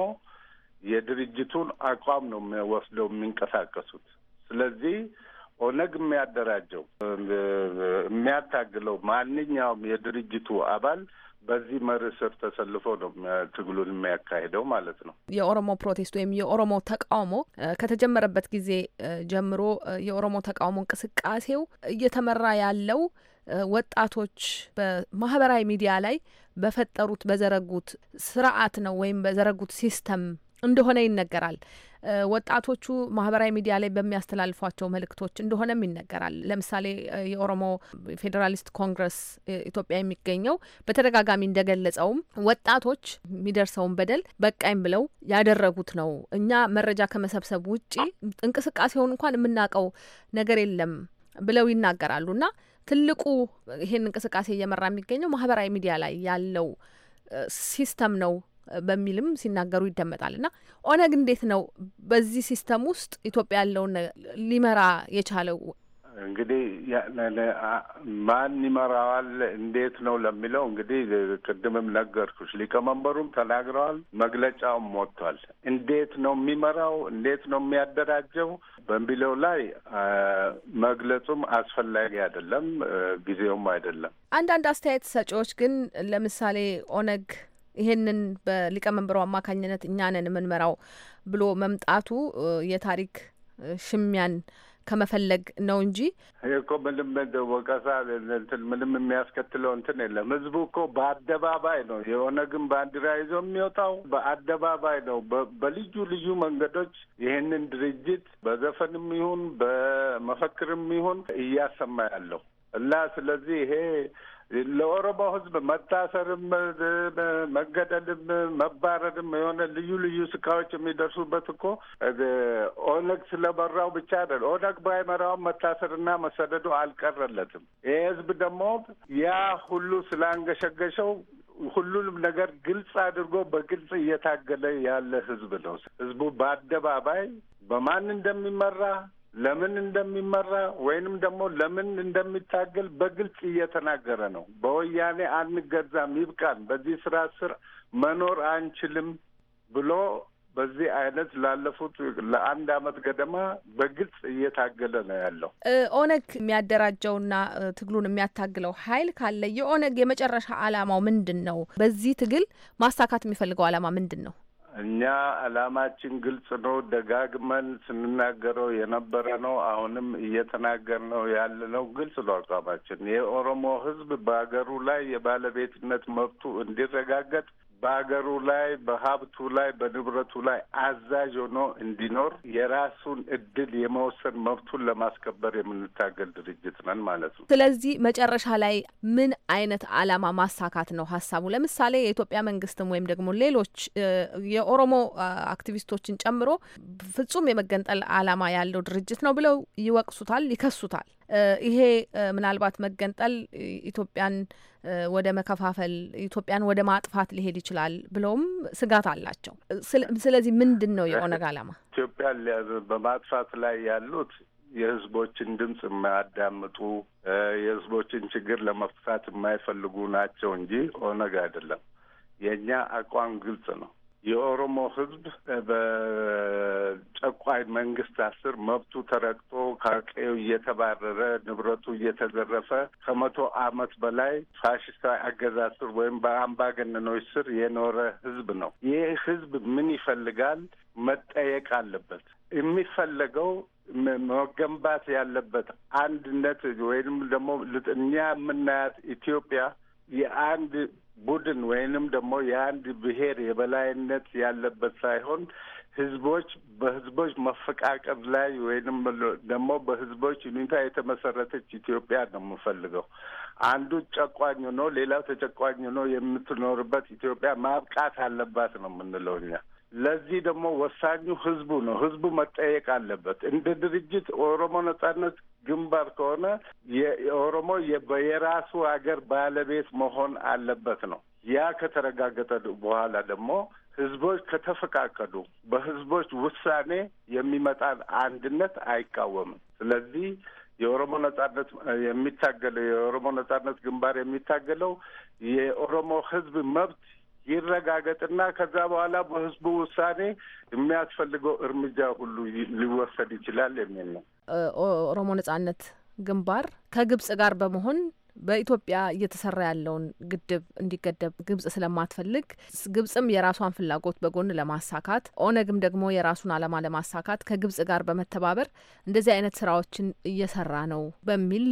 የድርጅቱን አቋም ነው ወስደው የሚንቀሳቀሱት። ስለዚህ ኦነግ የሚያደራጀው የሚያታግለው ማንኛውም የድርጅቱ አባል በዚህ መርህ ስር ተሰልፎ ነው ትግሉን የሚያካሂደው ማለት ነው። የኦሮሞ ፕሮቴስት ወይም የኦሮሞ ተቃውሞ ከተጀመረበት ጊዜ ጀምሮ የኦሮሞ ተቃውሞ እንቅስቃሴው እየተመራ ያለው ወጣቶች በማህበራዊ ሚዲያ ላይ በፈጠሩት በዘረጉት ስርዓት ነው ወይም በዘረጉት ሲስተም እንደሆነ ይነገራል። ወጣቶቹ ማህበራዊ ሚዲያ ላይ በሚያስተላልፏቸው መልእክቶች እንደሆነም ይነገራል። ለምሳሌ የኦሮሞ ፌዴራሊስት ኮንግረስ ኢትዮጵያ የሚገኘው በተደጋጋሚ እንደገለጸውም ወጣቶች የሚደርሰውን በደል በቃኝ ብለው ያደረጉት ነው። እኛ መረጃ ከመሰብሰብ ውጪ እንቅስቃሴውን እንኳን የምናውቀው ነገር የለም ብለው ይናገራሉ። እና ትልቁ ይህን እንቅስቃሴ እየመራ የሚገኘው ማህበራዊ ሚዲያ ላይ ያለው ሲስተም ነው በሚልም ሲናገሩ ይደመጣል። እና ኦነግ እንዴት ነው በዚህ ሲስተም ውስጥ ኢትዮጵያ ያለውን ሊመራ የቻለው? እንግዲህ ማን ይመራዋል፣ እንዴት ነው ለሚለው እንግዲህ ቅድምም ነገርኩሽ፣ ሊቀመንበሩም ተናግረዋል፣ መግለጫውም ሞቷል እንዴት ነው የሚመራው፣ እንዴት ነው የሚያደራጀው በሚለው ላይ መግለጹም አስፈላጊ አይደለም፣ ጊዜውም አይደለም። አንዳንድ አስተያየት ሰጪዎች ግን ለምሳሌ ኦነግ ይሄንን በሊቀመንበሩ አማካኝነት እኛንን የምንመራው ብሎ መምጣቱ የታሪክ ሽሚያን ከመፈለግ ነው እንጂ እኮ ምንም ወቀሳ እንትን ምንም የሚያስከትለው እንትን የለም። ህዝቡ እኮ በአደባባይ ነው የኦነግን ባንዲራ ይዞ የሚወጣው በአደባባይ ነው። በልዩ ልዩ መንገዶች ይህንን ድርጅት በዘፈንም ይሁን በመፈክርም ይሁን እያሰማ ያለው እና ስለዚህ ይሄ ለኦሮሞ ህዝብ መታሰርም መገደልም መባረርም የሆነ ልዩ ልዩ ስቃዎች የሚደርሱበት እኮ ኦነግ ስለመራው ብቻ አይደለም። ኦነግ ባይመራውም መታሰርና መሰደዱ አልቀረለትም። ይህ ህዝብ ደግሞ ያ ሁሉ ስላንገሸገሸው ሁሉንም ነገር ግልጽ አድርጎ በግልጽ እየታገለ ያለ ህዝብ ነው። ህዝቡ በአደባባይ በማን እንደሚመራ ለምን እንደሚመራ ወይንም ደግሞ ለምን እንደሚታገል በግልጽ እየተናገረ ነው። በወያኔ አንገዛም፣ ይብቃን፣ በዚህ ስራ ስር መኖር አንችልም ብሎ በዚህ አይነት ላለፉት ለአንድ አመት ገደማ በግልጽ እየታገለ ነው ያለው። ኦነግ የሚያደራጀውና ትግሉን የሚያታግለው ኃይል ካለ የኦነግ የመጨረሻ አላማው ምንድን ነው? በዚህ ትግል ማሳካት የሚፈልገው አላማ ምንድን ነው? እኛ አላማችን ግልጽ ነው። ደጋግመን ስንናገረው የነበረ ነው። አሁንም ያለ ያለነው ግልጽ ነው አቋማችን። የኦሮሞ ህዝብ በሀገሩ ላይ የባለቤትነት መብቱ እንዲረጋገጥ በሀገሩ ላይ በሀብቱ ላይ በንብረቱ ላይ አዛዥ ሆኖ እንዲኖር የራሱን እድል የመወሰን መብቱን ለማስከበር የምንታገል ድርጅት ነን ማለት ነው። ስለዚህ መጨረሻ ላይ ምን አይነት አላማ ማሳካት ነው ሀሳቡ? ለምሳሌ የኢትዮጵያ መንግስትም ወይም ደግሞ ሌሎች የኦሮሞ አክቲቪስቶችን ጨምሮ ፍጹም የመገንጠል አላማ ያለው ድርጅት ነው ብለው ይወቅሱታል፣ ይከሱታል። ይሄ ምናልባት መገንጠል ኢትዮጵያን ወደ መከፋፈል ኢትዮጵያን ወደ ማጥፋት ሊሄድ ይችላል ብለውም ስጋት አላቸው። ስለዚህ ምንድን ነው የኦነግ ዓላማ? ኢትዮጵያን በማጥፋት ላይ ያሉት የህዝቦችን ድምፅ የማያዳምጡ የህዝቦችን ችግር ለመፍታት የማይፈልጉ ናቸው እንጂ ኦነግ አይደለም። የእኛ አቋም ግልጽ ነው። የኦሮሞ ህዝብ በጨቋይ መንግስት አስር መብቱ ተረግጦ ከቀዬው እየተባረረ ንብረቱ እየተዘረፈ ከመቶ አመት በላይ ፋሽስታዊ አገዛዝ ስር ወይም በአምባገነኖች ስር የኖረ ህዝብ ነው። ይህ ህዝብ ምን ይፈልጋል? መጠየቅ አለበት። የሚፈለገው መገንባት ያለበት አንድነት ወይም ደግሞ እኛ የምናያት ኢትዮጵያ የአንድ ቡድን ወይንም ደግሞ የአንድ ብሔር የበላይነት ያለበት ሳይሆን ህዝቦች በህዝቦች መፈቃቀብ ላይ ወይንም ደግሞ በህዝቦች ሁኔታ የተመሰረተች ኢትዮጵያ ነው የምፈልገው። አንዱ ጨቋኝ ሆኖ ሌላው ተጨቋኝ ሆኖ የምትኖርበት ኢትዮጵያ ማብቃት አለባት ነው የምንለው እኛ። ለዚህ ደግሞ ወሳኙ ህዝቡ ነው። ህዝቡ መጠየቅ አለበት። እንደ ድርጅት ኦሮሞ ነጻነት ግንባር ከሆነ የኦሮሞ የራሱ ሀገር ባለቤት መሆን አለበት ነው። ያ ከተረጋገጠ በኋላ ደግሞ ህዝቦች ከተፈቃቀዱ በህዝቦች ውሳኔ የሚመጣን አንድነት አይቃወምም። ስለዚህ የኦሮሞ ነጻነት የሚታገለው የኦሮሞ ነጻነት ግንባር የሚታገለው የኦሮሞ ህዝብ መብት ይረጋገጥና ከዛ በኋላ በህዝቡ ውሳኔ የሚያስፈልገው እርምጃ ሁሉ ሊወሰድ ይችላል የሚል ነው። ኦሮሞ ነጻነት ግንባር ከግብጽ ጋር በመሆን በኢትዮጵያ እየተሰራ ያለውን ግድብ እንዲገደብ ግብጽ ስለማትፈልግ ግብጽም የራሷን ፍላጎት በጎን ለማሳካት ኦነግም ደግሞ የራሱን ዓላማ ለማሳካት ከግብጽ ጋር በመተባበር እንደዚህ አይነት ስራዎችን እየሰራ ነው በሚል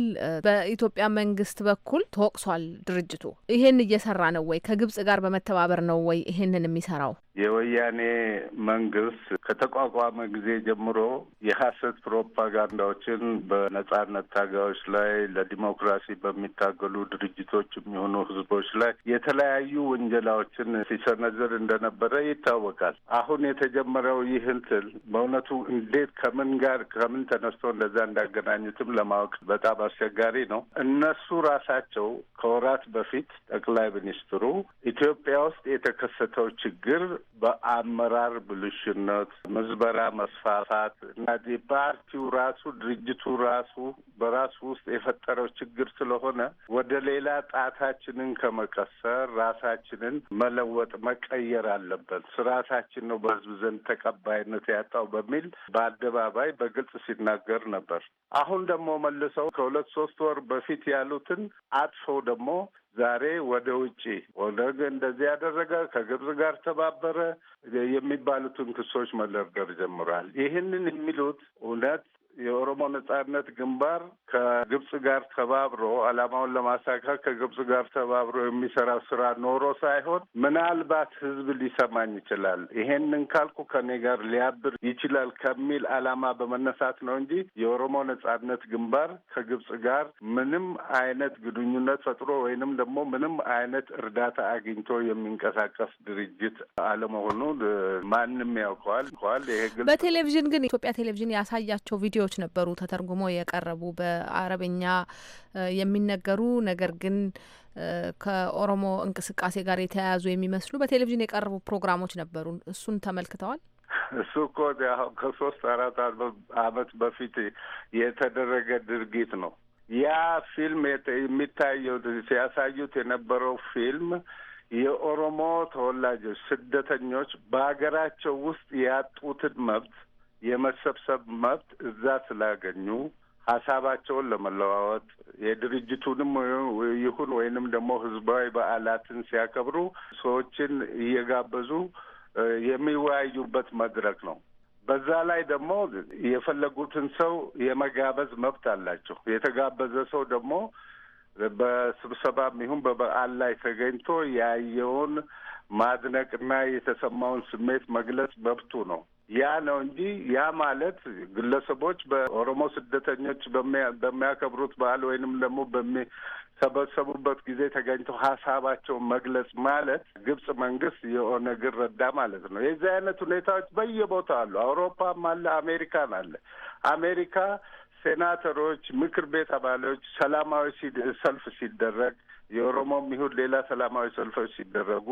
በኢትዮጵያ መንግስት በኩል ተወቅሷል። ድርጅቱ ይሄን እየሰራ ነው ወይ? ከግብጽ ጋር በመተባበር ነው ወይ ይሄንን የሚሰራው? የወያኔ መንግስት ከተቋቋመ ጊዜ ጀምሮ የሐሰት ፕሮፓጋንዳዎችን በነጻነት ታጋዮች ላይ ለዲሞክራሲ በሚታገሉ ድርጅቶች የሚሆኑ ህዝቦች ላይ የተለያዩ ውንጀላዎችን ሲሰነዝር እንደነበረ ይታወቃል። አሁን የተጀመረው ይህ እንትን በእውነቱ እንዴት ከምን ጋር ከምን ተነስቶ እንደዛ እንዳገናኙትም ለማወቅ በጣም አስቸጋሪ ነው። እነሱ ራሳቸው ከወራት በፊት ጠቅላይ ሚኒስትሩ ኢትዮጵያ ውስጥ የተከሰተው ችግር በአመራር ብልሽነት፣ ምዝበራ መስፋፋት እና ፓርቲው ራሱ ድርጅቱ ራሱ በራሱ ውስጥ የፈጠረው ችግር ስለሆነ ወደ ሌላ ጣታችንን ከመቀሰር ራሳችንን መለወጥ መቀየር አለበት። ስርዓታችን ነው በህዝብ ዘንድ ተቀባይነት ያጣው በሚል በአደባባይ በግልጽ ሲናገር ነበር። አሁን ደግሞ መልሰው ከሁለት ሶስት ወር በፊት ያሉትን አጥፈው ደግሞ ዛሬ ወደ ውጭ ኦነግ እንደዚህ ያደረገ ከግብጽ ጋር ተባበረ የሚባሉትን ክሶች መደርደር ጀምሯል። ይህንን የሚሉት እውነት የኦሮሞ ነጻነት ግንባር ከግብጽ ጋር ተባብሮ አላማውን ለማሳካት ከግብጽ ጋር ተባብሮ የሚሰራ ስራ ኖሮ ሳይሆን ምናልባት ህዝብ ሊሰማኝ ይችላል፣ ይሄንን ካልኩ ከኔ ጋር ሊያብር ይችላል ከሚል አላማ በመነሳት ነው እንጂ የኦሮሞ ነጻነት ግንባር ከግብጽ ጋር ምንም አይነት ግንኙነት ፈጥሮ ወይንም ደግሞ ምንም አይነት እርዳታ አግኝቶ የሚንቀሳቀስ ድርጅት አለመሆኑ ማንም ያውቀዋል። ይሄ በቴሌቪዥን ግን ኢትዮጵያ ቴሌቪዥን ያሳያቸው ቪዲዮ ቅጂዎች ነበሩ ተተርጉሞ የቀረቡ በአረብኛ የሚነገሩ ነገር ግን ከኦሮሞ እንቅስቃሴ ጋር የተያያዙ የሚመስሉ በቴሌቪዥን የቀረቡ ፕሮግራሞች ነበሩ። እሱን ተመልክተዋል። እሱ እኮ ከሶስት አራት አመት በፊት የተደረገ ድርጊት ነው። ያ ፊልም የሚታየው ሲያሳዩት የነበረው ፊልም የኦሮሞ ተወላጆች ስደተኞች በሀገራቸው ውስጥ ያጡትን መብት የመሰብሰብ መብት እዛ ስላገኙ ሀሳባቸውን ለመለዋወጥ የድርጅቱንም ይሁን ወይንም ደግሞ ህዝባዊ በዓላትን ሲያከብሩ ሰዎችን እየጋበዙ የሚወያዩበት መድረክ ነው። በዛ ላይ ደግሞ የፈለጉትን ሰው የመጋበዝ መብት አላቸው። የተጋበዘ ሰው ደግሞ በስብሰባም ይሁን በበዓል ላይ ተገኝቶ ያየውን ማድነቅና የተሰማውን ስሜት መግለጽ መብቱ ነው። ያ ነው እንጂ ያ ማለት ግለሰቦች በኦሮሞ ስደተኞች በሚያከብሩት በዓል ወይንም ደግሞ በሚሰበሰቡበት ጊዜ ተገኝተው ሀሳባቸውን መግለጽ ማለት ግብጽ መንግስት የኦነግን ረዳ ማለት ነው። የዚህ አይነት ሁኔታዎች በየቦታው አሉ። አውሮፓም አለ፣ አሜሪካን አለ። አሜሪካ ሴናተሮች፣ ምክር ቤት አባሎች ሰላማዊ ሰልፍ ሲደረግ የኦሮሞም ይሁን ሌላ ሰላማዊ ሰልፎች ሲደረጉ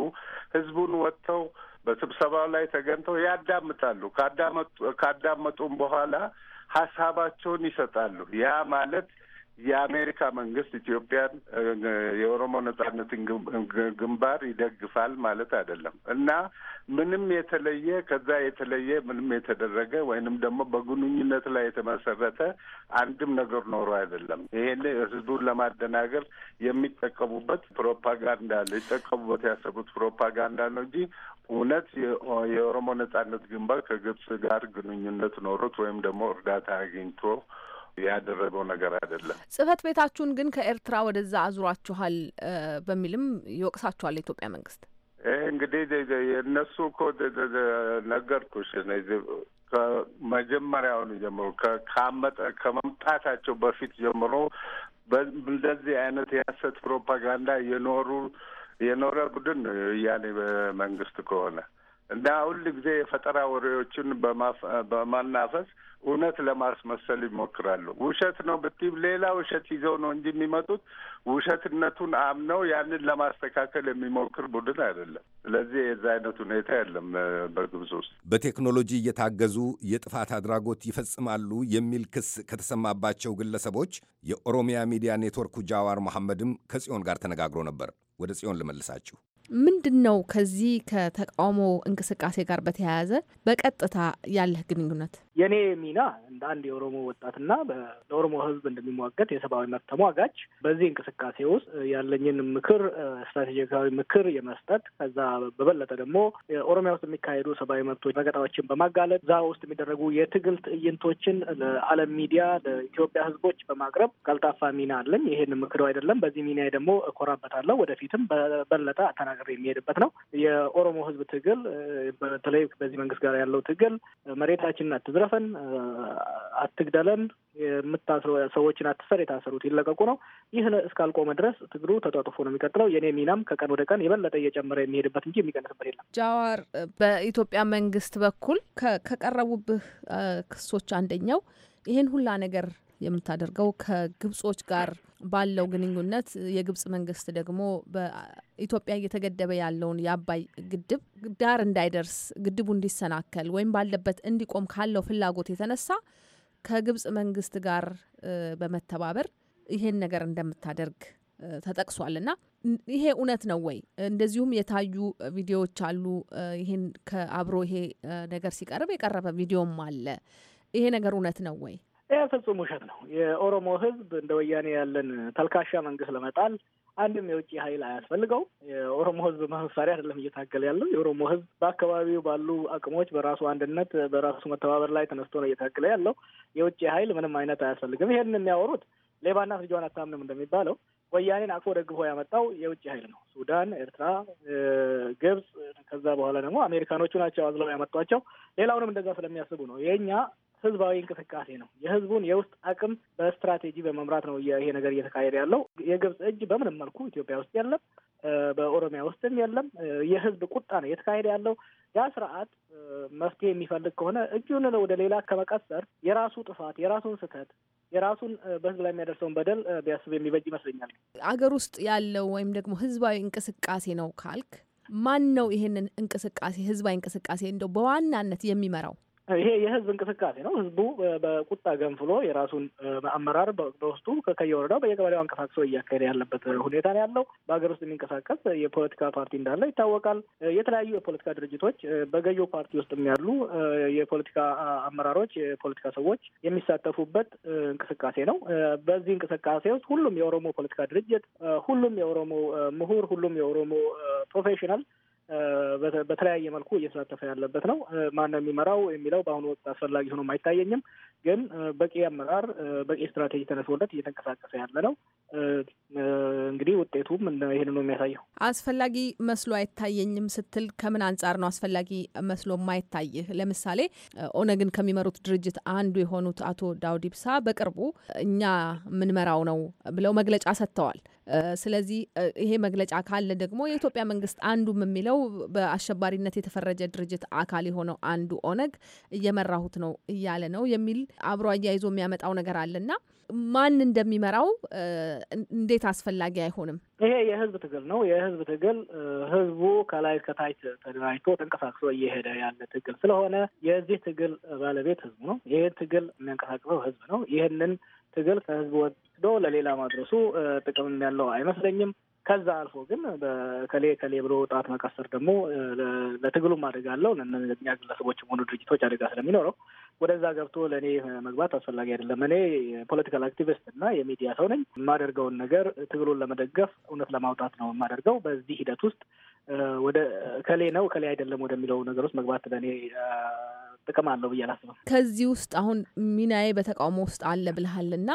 ህዝቡን ወጥተው በስብሰባ ላይ ተገኝተው ያዳምጣሉ። ካዳመጡ ካዳመጡም በኋላ ሀሳባቸውን ይሰጣሉ። ያ ማለት የአሜሪካ መንግስት ኢትዮጵያን የኦሮሞ ነጻነትን ግንባር ይደግፋል ማለት አይደለም እና ምንም የተለየ ከዛ የተለየ ምንም የተደረገ ወይንም ደግሞ በግንኙነት ላይ የተመሰረተ አንድም ነገር ኖሮ አይደለም። ይሄን ህዝቡን ለማደናገር የሚጠቀሙበት ፕሮፓጋንዳ ሊጠቀሙበት ያሰቡት ፕሮፓጋንዳ ነው እንጂ እውነት የኦሮሞ ነጻነት ግንባር ከግብጽ ጋር ግንኙነት ኖሮት ወይም ደግሞ እርዳታ አግኝቶ ያደረገው ነገር አይደለም። ጽህፈት ቤታችሁን ግን ከኤርትራ ወደዛ አዙሯችኋል በሚልም ይወቅሳችኋል የኢትዮጵያ መንግስት። እንግዲህ የእነሱ እኮ ነገርኩሽ ከመጀመሪያውን ጀምሮ ከመጠ ከመምጣታቸው በፊት ጀምሮ እንደዚህ አይነት የሀሰት ፕሮፓጋንዳ የኖሩ የኖረ ቡድን ነው። ያኔ በመንግስት ከሆነ እና ሁል ጊዜ የፈጠራ ወሬዎችን በማናፈስ እውነት ለማስመሰል ይሞክራሉ። ውሸት ነው ብትም ሌላ ውሸት ይዘው ነው እንጂ የሚመጡት ውሸትነቱን አምነው ያንን ለማስተካከል የሚሞክር ቡድን አይደለም። ስለዚህ የዛ አይነት ሁኔታ የለም በግብጽ ውስጥ። በቴክኖሎጂ እየታገዙ የጥፋት አድራጎት ይፈጽማሉ የሚል ክስ ከተሰማባቸው ግለሰቦች የኦሮሚያ ሚዲያ ኔትወርኩ ጃዋር መሐመድም ከጽዮን ጋር ተነጋግሮ ነበር። ወደ ጽዮን ልመልሳችሁ። ምንድን ነው ከዚህ ከተቃውሞ እንቅስቃሴ ጋር በተያያዘ በቀጥታ ያለህ ግንኙነት? የኔ ሚና እንደ አንድ የኦሮሞ ወጣትና ለኦሮሞ ህዝብ እንደሚሟገት የሰብአዊ መብት ተሟጋች በዚህ እንቅስቃሴ ውስጥ ያለኝን ምክር፣ ስትራቴጂካዊ ምክር የመስጠት ከዛ በበለጠ ደግሞ ኦሮሚያ ውስጥ የሚካሄዱ ሰብአዊ መብቶች ረገጣዎችን በማጋለጥ እዛ ውስጥ የሚደረጉ የትግል ትዕይንቶችን ለዓለም ሚዲያ ለኢትዮጵያ ህዝቦች በማቅረብ ቀልጣፋ ሚና አለኝ። ይሄን ምክረው አይደለም። በዚህ ሚና ደግሞ እኮራበታለሁ። ወደፊትም በበለጠ አተናገር የሚሄድበት ነው። የኦሮሞ ህዝብ ትግል በተለይ በዚህ መንግስት ጋር ያለው ትግል መሬታችንን አትዝረፍ አትጨፍጭፈን፣ አትግደለን፣ የምታስረው ሰዎችን አትሰር፣ የታሰሩት ይለቀቁ ነው። ይህ እስካልቆመ ድረስ ትግሉ ተጧጥፎ ነው የሚቀጥለው። የኔ ሚናም ከቀን ወደ ቀን የበለጠ እየጨመረ የሚሄድበት እንጂ የሚቀንስበት የለም። ጃዋር፣ በኢትዮጵያ መንግስት በኩል ከቀረቡብህ ክሶች አንደኛው ይህን ሁላ ነገር የምታደርገው ከግብጾች ጋር ባለው ግንኙነት የግብጽ መንግስት ደግሞ በኢትዮጵያ እየተገደበ ያለውን የአባይ ግድብ ዳር እንዳይደርስ ግድቡ እንዲሰናከል ወይም ባለበት እንዲቆም ካለው ፍላጎት የተነሳ ከግብጽ መንግስት ጋር በመተባበር ይሄን ነገር እንደምታደርግ ተጠቅሷል እና ይሄ እውነት ነው ወይ? እንደዚሁም የታዩ ቪዲዮዎች አሉ። ይሄን ከአብሮ ይሄ ነገር ሲቀርብ የቀረበ ቪዲዮም አለ። ይሄ ነገር እውነት ነው ወይ? ይህ ፍጹም ውሸት ነው። የኦሮሞ ህዝብ እንደ ወያኔ ያለን ተልካሻ መንግስት ለመጣል አንድም የውጭ ኃይል አያስፈልገው። የኦሮሞ ህዝብ መሳሪያ አይደለም እየታገለ ያለው። የኦሮሞ ህዝብ በአካባቢው ባሉ አቅሞች በራሱ አንድነት፣ በራሱ መተባበር ላይ ተነስቶ ነው እየታገለ ያለው። የውጭ ኃይል ምንም አይነት አያስፈልግም። ይሄንን የሚያወሩት ሌባና ልጇን አታምንም እንደሚባለው ወያኔን አቅፎ ደግፎ ያመጣው የውጭ ኃይል ነው። ሱዳን፣ ኤርትራ፣ ግብጽ ከዛ በኋላ ደግሞ አሜሪካኖቹ ናቸው አዝለው ያመጧቸው። ሌላውንም እንደዛ ስለሚያስቡ ነው የእኛ ህዝባዊ እንቅስቃሴ ነው። የህዝቡን የውስጥ አቅም በስትራቴጂ በመምራት ነው ይሄ ነገር እየተካሄደ ያለው። የግብጽ እጅ በምንም መልኩ ኢትዮጵያ ውስጥ የለም፣ በኦሮሚያ ውስጥም የለም። የህዝብ ቁጣ ነው እየተካሄደ ያለው። ያ ስርዓት መፍትሄ የሚፈልግ ከሆነ እጁን ወደ ሌላ ከመቀሰር የራሱ ጥፋት የራሱን ስህተት የራሱን በህዝብ ላይ የሚያደርሰውን በደል ቢያስብ የሚበጅ ይመስለኛል። አገር ውስጥ ያለው ወይም ደግሞ ህዝባዊ እንቅስቃሴ ነው ካልክ ማን ነው ይሄንን እንቅስቃሴ ህዝባዊ እንቅስቃሴ እንደው በዋናነት የሚመራው? ይሄ የህዝብ እንቅስቃሴ ነው። ህዝቡ በቁጣ ገንፍሎ የራሱን አመራር በውስጡ ከየወረዳው በየቀበሌው አንቀሳቅሶ እያካሄደ ያለበት ሁኔታ ነው ያለው። በሀገር ውስጥ የሚንቀሳቀስ የፖለቲካ ፓርቲ እንዳለ ይታወቃል። የተለያዩ የፖለቲካ ድርጅቶች በገዢው ፓርቲ ውስጥ ያሉ የፖለቲካ አመራሮች፣ የፖለቲካ ሰዎች የሚሳተፉበት እንቅስቃሴ ነው። በዚህ እንቅስቃሴ ውስጥ ሁሉም የኦሮሞ ፖለቲካ ድርጅት፣ ሁሉም የኦሮሞ ምሁር፣ ሁሉም የኦሮሞ ፕሮፌሽናል በተለያየ መልኩ እየተሳተፈ ያለበት ነው። ማን ነው የሚመራው የሚለው በአሁኑ ወቅት አስፈላጊ ሆኖም አይታየኝም። ግን በቂ አመራር፣ በቂ ስትራቴጂ ተነስቦለት እየተንቀሳቀሰ ያለ ነው። እንግዲህ ውጤቱም ይህን ነው የሚያሳየው። አስፈላጊ መስሎ አይታየኝም ስትል ከምን አንጻር ነው አስፈላጊ መስሎ የማይታይህ? ለምሳሌ ኦነግን ከሚመሩት ድርጅት አንዱ የሆኑት አቶ ዳውድ ኢብሳ በቅርቡ እኛ ምንመራው ነው ብለው መግለጫ ሰጥተዋል። ስለዚህ ይሄ መግለጫ ካለ ደግሞ የኢትዮጵያ መንግስት አንዱም የሚለው በአሸባሪነት የተፈረጀ ድርጅት አካል የሆነው አንዱ ኦነግ እየመራሁት ነው እያለ ነው የሚል አብሮ አያይዞ የሚያመጣው ነገር አለና ማን እንደሚመራው እንዴት አስፈላጊ አይሆንም? ይሄ የህዝብ ትግል ነው። የህዝብ ትግል ህዝቡ ከላይ ከታች ተደራጅቶ ተንቀሳቅሶ እየሄደ ያለ ትግል ስለሆነ የዚህ ትግል ባለቤት ህዝቡ ነው። ይህን ትግል የሚያንቀሳቅሰው ህዝብ ነው። ይህንን ትግል ከህዝብ ወጥ ወስዶ ለሌላ ማድረሱ ጥቅም ያለው አይመስለኝም። ከዛ አልፎ ግን በከሌ ከሌ ብሎ ጣት መቀሰር ደግሞ ለትግሉም አደጋ አለው፣ ለእነኛ ግለሰቦች ሆኑ ድርጅቶች አደጋ ስለሚኖረው ወደዛ ገብቶ ለእኔ መግባት አስፈላጊ አይደለም። እኔ የፖለቲካል አክቲቪስት እና የሚዲያ ሰው ነኝ። የማደርገውን ነገር ትግሉን ለመደገፍ እውነት ለማውጣት ነው የማደርገው። በዚህ ሂደት ውስጥ ወደ ከሌ ነው ከሌ አይደለም ወደሚለው ነገር ውስጥ መግባት ለእኔ ጥቅም አለው ብዬ አላስብም። ከዚህ ውስጥ አሁን ሚናዬ በተቃውሞ ውስጥ አለ ብልሃልና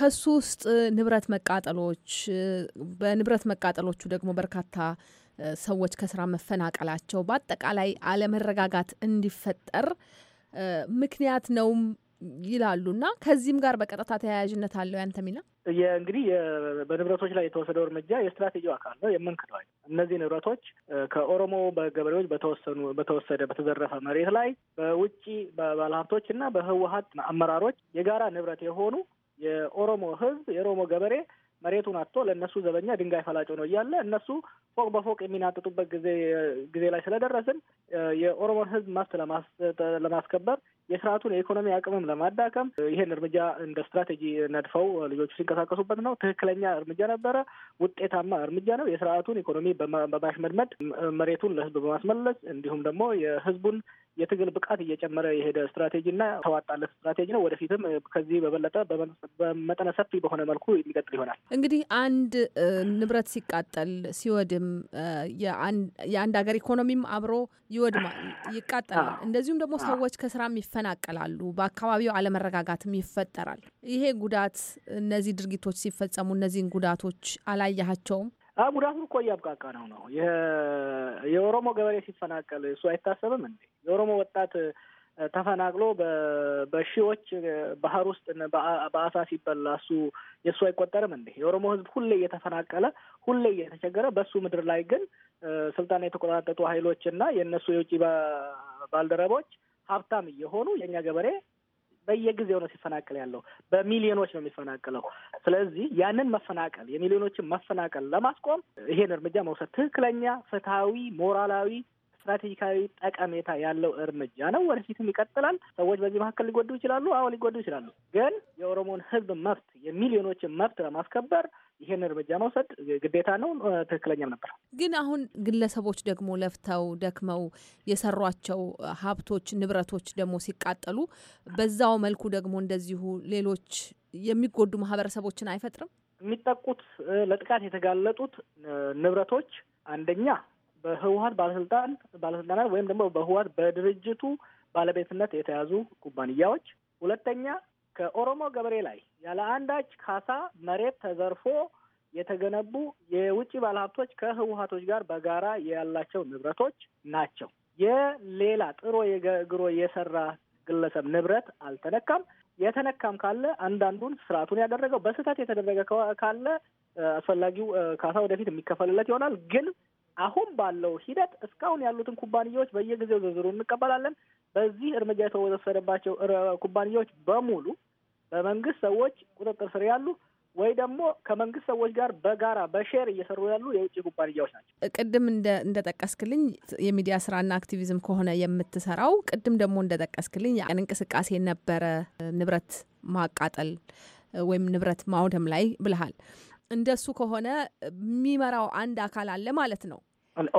ከሱ ውስጥ ንብረት መቃጠሎች፣ በንብረት መቃጠሎቹ ደግሞ በርካታ ሰዎች ከስራ መፈናቀላቸው፣ በአጠቃላይ አለመረጋጋት እንዲፈጠር ምክንያት ነውም ይላሉ እና ከዚህም ጋር በቀጥታ ተያያዥነት አለው ያንተ ሚና? እንግዲህ በንብረቶች ላይ የተወሰደው እርምጃ የስትራቴጂው አካል ነው የምንክደው። እነዚህ ንብረቶች ከኦሮሞ በገበሬዎች በተወሰኑ በተወሰደ በተዘረፈ መሬት ላይ በውጭ በባለሀብቶች እና በህወሀት አመራሮች የጋራ ንብረት የሆኑ የኦሮሞ ህዝብ የኦሮሞ ገበሬ መሬቱን አጥቶ ለእነሱ ዘበኛ ድንጋይ ፈላጮ ነው እያለ እነሱ ፎቅ በፎቅ የሚናጥጡበት ጊዜ ጊዜ ላይ ስለደረስን የኦሮሞን ህዝብ መብት ለማስከበር የስርዓቱን የኢኮኖሚ አቅምም ለማዳከም ይሄን እርምጃ እንደ ስትራቴጂ ነድፈው ልጆቹ ሲንቀሳቀሱበት ነው። ትክክለኛ እርምጃ ነበረ። ውጤታማ እርምጃ ነው። የስርዓቱን ኢኮኖሚ በማሽመድመድ መሬቱን ለህዝብ በማስመለስ እንዲሁም ደግሞ የህዝቡን የትግል ብቃት እየጨመረ የሄደ ስትራቴጂና ተዋጣለት ስትራቴጂ ነው። ወደፊትም ከዚህ በበለጠ በመጠነ ሰፊ በሆነ መልኩ የሚቀጥል ይሆናል። እንግዲህ አንድ ንብረት ሲቃጠል ሲወድም የአንድ ሀገር ኢኮኖሚም አብሮ ይወድማል፣ ይቃጠላል። እንደዚሁም ደግሞ ሰዎች ከስራም ይፈናቀላሉ፣ በአካባቢው አለመረጋጋትም ይፈጠራል። ይሄ ጉዳት እነዚህ ድርጊቶች ሲፈጸሙ እነዚህን ጉዳቶች አላያቸውም? ጉዳቱን እኮ እያብቃቃ ነው ነው የኦሮሞ ገበሬ ሲፈናቀል እሱ አይታሰብም እንዴ? የኦሮሞ ወጣት ተፈናቅሎ በሺዎች ባህር ውስጥ በአሳ ሲበላ እሱ የእሱ አይቆጠርም እንዴ? የኦሮሞ ህዝብ ሁሌ እየተፈናቀለ ሁሌ እየተቸገረ በእሱ ምድር ላይ ግን ስልጣን የተቆጣጠጡ ሀይሎች እና የእነሱ የውጭ ባልደረቦች ሀብታም እየሆኑ የእኛ ገበሬ በየጊዜው ነው ሲፈናቀል ያለው፣ በሚሊዮኖች ነው የሚፈናቀለው። ስለዚህ ያንን መፈናቀል የሚሊዮኖችን መፈናቀል ለማስቆም ይሄን እርምጃ መውሰድ ትክክለኛ ፍትሐዊ፣ ሞራላዊ ስትራቴጂካዊ ጠቀሜታ ያለው እርምጃ ነው። ወደፊትም ይቀጥላል። ሰዎች በዚህ መካከል ሊጎዱ ይችላሉ። አዎ ሊጎዱ ይችላሉ። ግን የኦሮሞን ሕዝብ መብት የሚሊዮኖችን መብት ለማስከበር ይሄን እርምጃ መውሰድ ግዴታ ነው፣ ትክክለኛም ነበር። ግን አሁን ግለሰቦች ደግሞ ለፍተው ደክመው የሰሯቸው ሀብቶች፣ ንብረቶች ደግሞ ሲቃጠሉ በዛው መልኩ ደግሞ እንደዚሁ ሌሎች የሚጎዱ ማህበረሰቦችን አይፈጥርም? የሚጠቁት ለጥቃት የተጋለጡት ንብረቶች አንደኛ በህወሀት ባለስልጣን ባለስልጣናት ወይም ደግሞ በህወሀት በድርጅቱ ባለቤትነት የተያዙ ኩባንያዎች፣ ሁለተኛ ከኦሮሞ ገበሬ ላይ ያለ አንዳች ካሳ መሬት ተዘርፎ የተገነቡ የውጭ ባለሀብቶች ከህወሀቶች ጋር በጋራ ያላቸው ንብረቶች ናቸው። የሌላ ጥሮ ግሮ የሰራ ግለሰብ ንብረት አልተነካም። የተነካም ካለ አንዳንዱን ስርዓቱን ያደረገው በስህተት የተደረገ ካለ አስፈላጊው ካሳ ወደፊት የሚከፈልለት ይሆናል ግን አሁን ባለው ሂደት እስካሁን ያሉትን ኩባንያዎች በየጊዜው ዝርዝሩ እንቀበላለን። በዚህ እርምጃ የተወሰደባቸው ኩባንያዎች በሙሉ በመንግስት ሰዎች ቁጥጥር ስር ያሉ ወይ ደግሞ ከመንግስት ሰዎች ጋር በጋራ በሼር እየሰሩ ያሉ የውጭ ኩባንያዎች ናቸው። ቅድም እንደጠቀስክልኝ የሚዲያ ስራና አክቲቪዝም ከሆነ የምትሰራው፣ ቅድም ደግሞ እንደጠቀስክልኝ ያን እንቅስቃሴ ነበረ ንብረት ማቃጠል ወይም ንብረት ማውደም ላይ ብልሃል። እንደሱ ከሆነ የሚመራው አንድ አካል አለ ማለት ነው።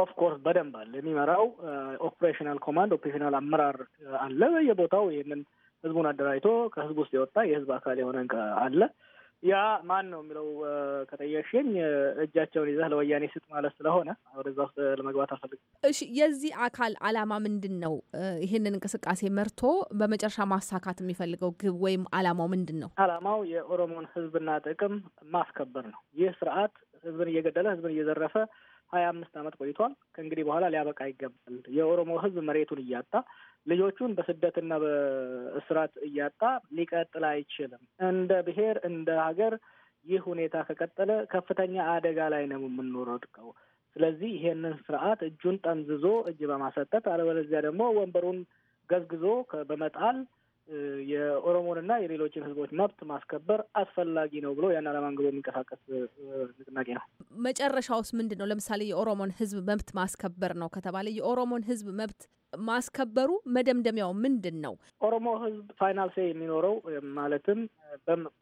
ኦፍኮርስ በደንብ አለ። የሚመራው ኦፕሬሽናል ኮማንድ ኦፕሬሽናል አመራር uh, አለ። በየቦታው ይህንን ህዝቡን አደራጅቶ ከህዝብ ውስጥ የወጣ የህዝብ አካል የሆነ አለ። ያ ማን ነው የሚለው uh, ከጠየሽኝ uh, እጃቸውን ይዘህ ለወያኔ ስጥ ማለት ስለሆነ ወደዛ ውስጥ ለመግባት አልፈልግም። እሺ፣ የዚህ አካል አላማ ምንድን ነው? ይህንን እንቅስቃሴ መርቶ በመጨረሻ ማሳካት የሚፈልገው ግብ ወይም አላማው ምንድን ነው? አላማው የኦሮሞን ህዝብና ጥቅም ማስከበር ነው። ይህ ስርዓት ህዝብን እየገደለ ህዝብን እየዘረፈ ሀያ አምስት ዓመት ቆይቷል። ከእንግዲህ በኋላ ሊያበቃ ይገባል። የኦሮሞ ህዝብ መሬቱን እያጣ ልጆቹን በስደትና በእስራት እያጣ ሊቀጥል አይችልም። እንደ ብሔር እንደ ሀገር ይህ ሁኔታ ከቀጠለ ከፍተኛ አደጋ ላይ ነው የምንወድቀው። ስለዚህ ይሄንን ስርዓት እጁን ጠምዝዞ እጅ በማሰጠት አለበለዚያ ደግሞ ወንበሩን ገዝግዞ በመጣል የኦሮሞንና የሌሎችን ህዝቦች መብት ማስከበር አስፈላጊ ነው ብሎ ያን ዓላማ አንግቦ የሚንቀሳቀስ ንቅናቄ ነው። መጨረሻ ውስጥ ምንድን ነው? ለምሳሌ የኦሮሞን ህዝብ መብት ማስከበር ነው ከተባለ የኦሮሞን ህዝብ መብት ማስከበሩ መደምደሚያው ምንድን ነው? ኦሮሞ ህዝብ ፋይናል ሴ የሚኖረው ማለትም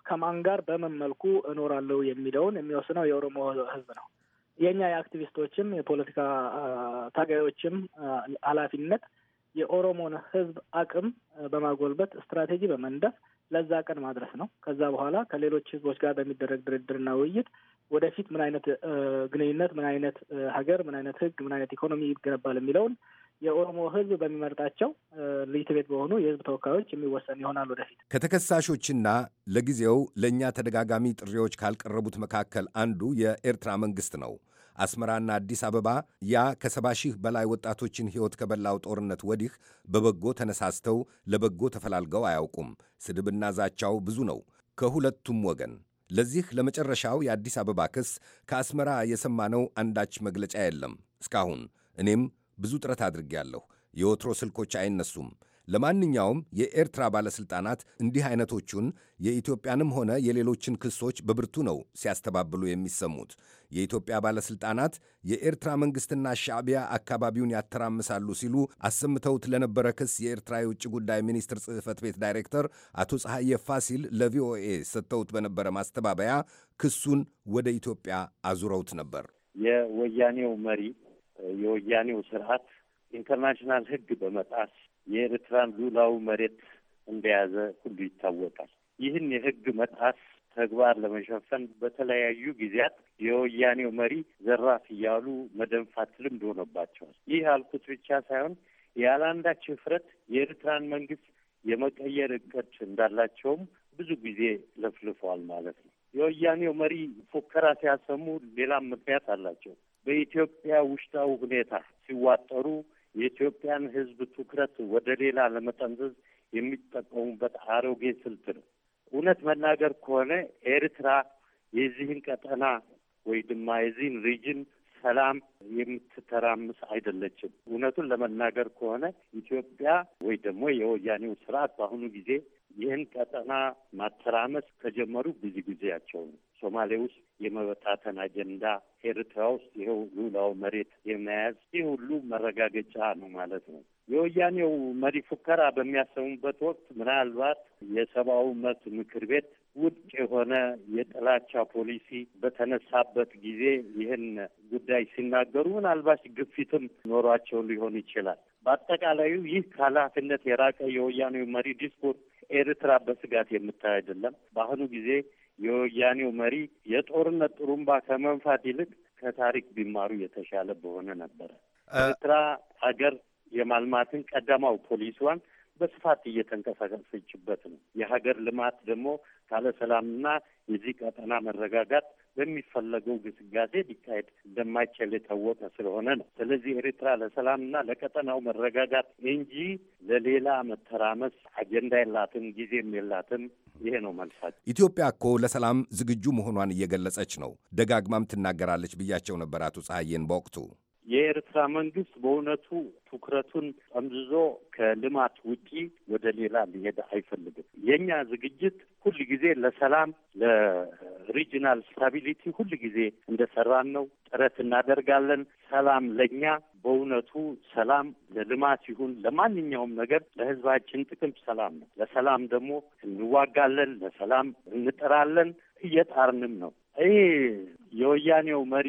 ከማን ጋር በምን መልኩ እኖራለሁ የሚለውን የሚወስነው የኦሮሞ ህዝብ ነው። የእኛ የአክቲቪስቶችም የፖለቲካ ታጋዮችም ኃላፊነት የኦሮሞን ህዝብ አቅም በማጎልበት ስትራቴጂ በመንደፍ ለዛ ቀን ማድረስ ነው። ከዛ በኋላ ከሌሎች ህዝቦች ጋር በሚደረግ ድርድርና ውይይት ወደፊት ምን አይነት ግንኙነት፣ ምን አይነት ሀገር፣ ምን አይነት ህግ ምን አይነት ኢኮኖሚ ይገነባል የሚለውን የኦሮሞ ህዝብ በሚመርጣቸው ልይት ቤት በሆኑ የህዝብ ተወካዮች የሚወሰን ይሆናል። ወደፊት ከተከሳሾችና ለጊዜው ለእኛ ተደጋጋሚ ጥሪዎች ካልቀረቡት መካከል አንዱ የኤርትራ መንግስት ነው። አስመራና አዲስ አበባ ያ ከሰባ ሺህ በላይ ወጣቶችን ሕይወት ከበላው ጦርነት ወዲህ በበጎ ተነሳስተው ለበጎ ተፈላልገው አያውቁም። ስድብና ዛቻው ብዙ ነው ከሁለቱም ወገን። ለዚህ ለመጨረሻው የአዲስ አበባ ክስ ከአስመራ የሰማነው አንዳች መግለጫ የለም እስካሁን። እኔም ብዙ ጥረት አድርጌያለሁ። የወትሮ ስልኮች አይነሱም። ለማንኛውም የኤርትራ ባለሥልጣናት እንዲህ አይነቶቹን የኢትዮጵያንም ሆነ የሌሎችን ክሶች በብርቱ ነው ሲያስተባብሉ የሚሰሙት። የኢትዮጵያ ባለሥልጣናት የኤርትራ መንግሥትና ሻዕቢያ አካባቢውን ያተራምሳሉ ሲሉ አሰምተውት ለነበረ ክስ የኤርትራ የውጭ ጉዳይ ሚኒስትር ጽሕፈት ቤት ዳይሬክተር አቶ ፀሐየ ፋሲል ለቪኦኤ ሰጥተውት በነበረ ማስተባበያ ክሱን ወደ ኢትዮጵያ አዙረውት ነበር። የወያኔው መሪ የወያኔው ስርዓት ኢንተርናሽናል ሕግ በመጣስ የኤርትራን ሉዓላዊ መሬት እንደያዘ ሁሉ ይታወቃል። ይህን የህግ መጣስ ተግባር ለመሸፈን በተለያዩ ጊዜያት የወያኔው መሪ ዘራፍ እያሉ መደንፋት ልምድ ሆነባቸዋል። ይህ አልኩት ብቻ ሳይሆን ያለአንዳች ህፍረት የኤርትራን መንግስት የመቀየር እቅድ እንዳላቸውም ብዙ ጊዜ ለፍልፈዋል ማለት ነው። የወያኔው መሪ ፉከራ ሲያሰሙ ሌላም ምክንያት አላቸው። በኢትዮጵያ ውስጣዊ ሁኔታ ሲዋጠሩ የኢትዮጵያን ሕዝብ ትኩረት ወደ ሌላ ለመጠምዘዝ የሚጠቀሙበት አሮጌ ስልት ነው። እውነት መናገር ከሆነ ኤርትራ የዚህን ቀጠና ወይ ድማ የዚህን ሪጅን ሰላም የምትተራምስ አይደለችም። እውነቱን ለመናገር ከሆነ ኢትዮጵያ ወይ ደግሞ የወያኔው ስርዓት በአሁኑ ጊዜ ይህን ቀጠና ማተራመስ ከጀመሩ ብዙ ጊዜያቸው ነው። ሶማሌ ውስጥ የመበታተን አጀንዳ፣ ኤርትራ ውስጥ ይኸው ሉላው መሬት የመያዝ ይህ ሁሉ መረጋገጫ ነው ማለት ነው። የወያኔው መሪ ፉከራ በሚያሰሙበት ወቅት ምናልባት የሰብአዊ መብት ምክር ቤት ውድቅ የሆነ የጥላቻ ፖሊሲ በተነሳበት ጊዜ ይህን ጉዳይ ሲናገሩ ምናልባት ግፊትም ኖሯቸው ሊሆን ይችላል። በአጠቃላዩ ይህ ከኃላፊነት የራቀ የወያኔው መሪ ዲስኩር ኤርትራ በስጋት የምታይ አይደለም። በአሁኑ ጊዜ የወያኔው መሪ የጦርነት ጥሩምባ ከመንፋት ይልቅ ከታሪክ ቢማሩ የተሻለ በሆነ ነበረ። ኤርትራ ሀገር የማልማትን ቀዳማው ፖሊሲዋን በስፋት እየተንቀሳቀሰችበት ነው። የሀገር ልማት ደግሞ ካለ ሰላምና የዚህ ቀጠና መረጋጋት በሚፈለገው ግስጋሴ ሊካሄድ እንደማይችል የታወቀ ስለሆነ ነው። ስለዚህ ኤርትራ ለሰላምና ለቀጠናው መረጋጋት እንጂ ለሌላ መተራመስ አጀንዳ የላትም፣ ጊዜም የላትም። ይሄ ነው መልሳት። ኢትዮጵያ እኮ ለሰላም ዝግጁ መሆኗን እየገለጸች ነው። ደጋግማም ትናገራለች ብያቸው ነበር አቶ ፀሐዬን በወቅቱ የኤርትራ መንግስት በእውነቱ ትኩረቱን ጠምዝዞ ከልማት ውጪ ወደ ሌላ ሊሄድ አይፈልግም። የእኛ ዝግጅት ሁል ጊዜ ለሰላም ለሪጂናል ስታቢሊቲ ሁል ጊዜ እንደሰራን ነው፣ ጥረት እናደርጋለን። ሰላም ለእኛ በእውነቱ ሰላም ለልማት ይሁን ለማንኛውም ነገር ለህዝባችን ጥቅም ሰላም ነው። ለሰላም ደግሞ እንዋጋለን፣ ለሰላም እንጥራለን፣ እየጣርንም ነው። ይሄ የወያኔው መሪ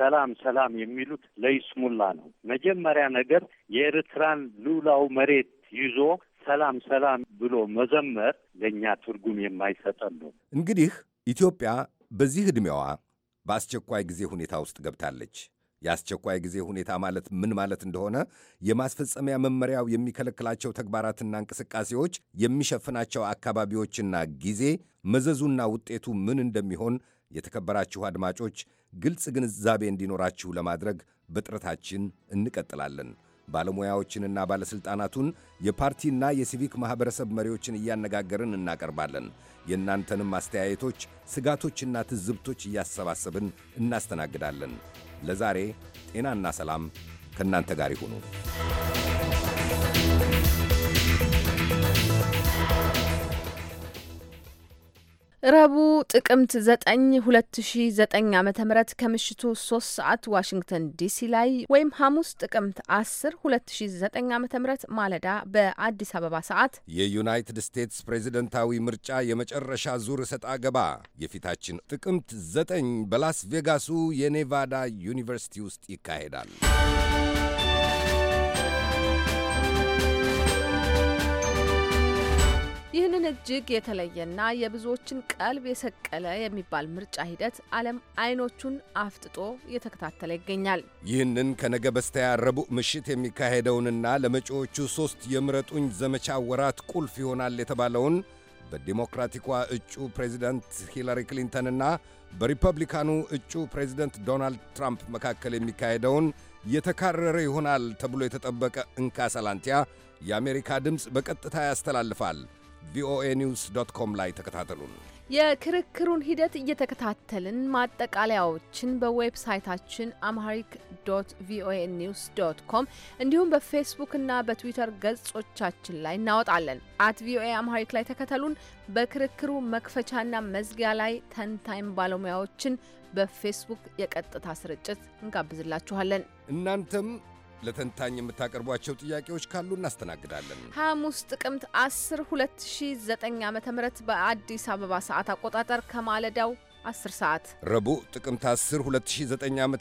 ሰላም ሰላም የሚሉት ለይስሙላ ነው። መጀመሪያ ነገር የኤርትራን ሉላው መሬት ይዞ ሰላም ሰላም ብሎ መዘመር ለእኛ ትርጉም የማይሰጠን ነው። እንግዲህ ኢትዮጵያ በዚህ ዕድሜዋ በአስቸኳይ ጊዜ ሁኔታ ውስጥ ገብታለች። የአስቸኳይ ጊዜ ሁኔታ ማለት ምን ማለት እንደሆነ የማስፈጸሚያ መመሪያው የሚከለክላቸው ተግባራትና እንቅስቃሴዎች፣ የሚሸፍናቸው አካባቢዎችና ጊዜ፣ መዘዙና ውጤቱ ምን እንደሚሆን የተከበራችሁ አድማጮች ግልጽ ግንዛቤ እንዲኖራችሁ ለማድረግ በጥረታችን እንቀጥላለን። ባለሙያዎችንና ባለሥልጣናቱን የፓርቲና የሲቪክ ማኅበረሰብ መሪዎችን እያነጋገርን እናቀርባለን። የእናንተንም አስተያየቶች፣ ስጋቶችና ትዝብቶች እያሰባሰብን እናስተናግዳለን። ለዛሬ ጤናና ሰላም ከእናንተ ጋር ይሁኑ። ረቡዕ ጥቅምት 9 2009 ዓ ም ከምሽቱ 3 ሰዓት ዋሽንግተን ዲሲ ላይ ወይም ሐሙስ ጥቅምት 10 2009 ዓ ም ማለዳ በአዲስ አበባ ሰዓት የዩናይትድ ስቴትስ ፕሬዚደንታዊ ምርጫ የመጨረሻ ዙር እሰጥ አገባ የፊታችን ጥቅምት 9 በላስ ቬጋሱ የኔቫዳ ዩኒቨርሲቲ ውስጥ ይካሄዳል። ይህንን እጅግ የተለየና የብዙዎችን ቀልብ የሰቀለ የሚባል ምርጫ ሂደት ዓለም አይኖቹን አፍጥጦ እየተከታተለ ይገኛል። ይህንን ከነገ በስተያ ረቡዕ ምሽት የሚካሄደውንና ለመጪዎቹ ሦስት የምረጡኝ ዘመቻ ወራት ቁልፍ ይሆናል የተባለውን በዲሞክራቲኳ እጩ ፕሬዚደንት ሂላሪ ክሊንተንና በሪፐብሊካኑ እጩ ፕሬዚደንት ዶናልድ ትራምፕ መካከል የሚካሄደውን የተካረረ ይሆናል ተብሎ የተጠበቀ እንካ ሰላንቲያ የአሜሪካ ድምፅ በቀጥታ ያስተላልፋል። ቪኦኤ ኒውስ ዶት ኮም ላይ ተከታተሉን። የክርክሩን ሂደት እየተከታተልን ማጠቃለያዎችን በዌብሳይታችን አምሃሪክ ዶት ቪኦኤ ኒውስ ዶት ኮም እንዲሁም በፌስቡክ በትዊተር ገጾቻችን ላይ እናወጣለን። አት ቪኦኤ አምሃሪክ ላይ ተከተሉን። በክርክሩ መክፈቻና መዝጊያ ላይ ተንታይም ባለሙያዎችን በፌስቡክ የቀጥታ ስርጭት እንጋብዝላችኋለን። እናንተም ለተንታኝ የምታቀርቧቸው ጥያቄዎች ካሉ እናስተናግዳለን። ሐሙስ ጥቅምት 10 2009 ዓ ም በአዲስ አበባ ሰዓት አቆጣጠር ከማለዳው 10 ሰዓት፣ ረቡዕ ጥቅምት 10 2009 ዓ ም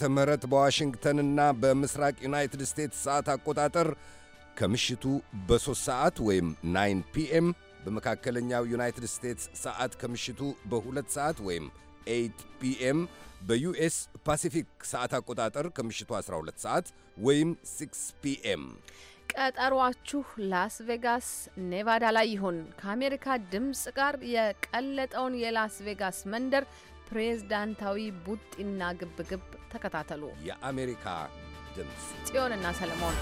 በዋሽንግተንና በምስራቅ ዩናይትድ ስቴትስ ሰዓት አቆጣጠር ከምሽቱ በ3 ሰዓት ወይም 9 ፒኤም በመካከለኛው ዩናይትድ ስቴትስ ሰዓት ከምሽቱ በ2 ሰዓት ወይም 8 ፒኤም በዩኤስ ፓሲፊክ ሰዓት አቆጣጠር ከምሽቱ 12 ሰዓት ወይም 6 ፒኤም ቀጠሯችሁ ላስ ቬጋስ ኔቫዳ ላይ ይሁን። ከአሜሪካ ድምፅ ጋር የቀለጠውን የላስ ቬጋስ መንደር ፕሬዝዳንታዊ ቡጢና ግብግብ ተከታተሉ። የአሜሪካ ድምፅ ጽዮንና ሰለሞን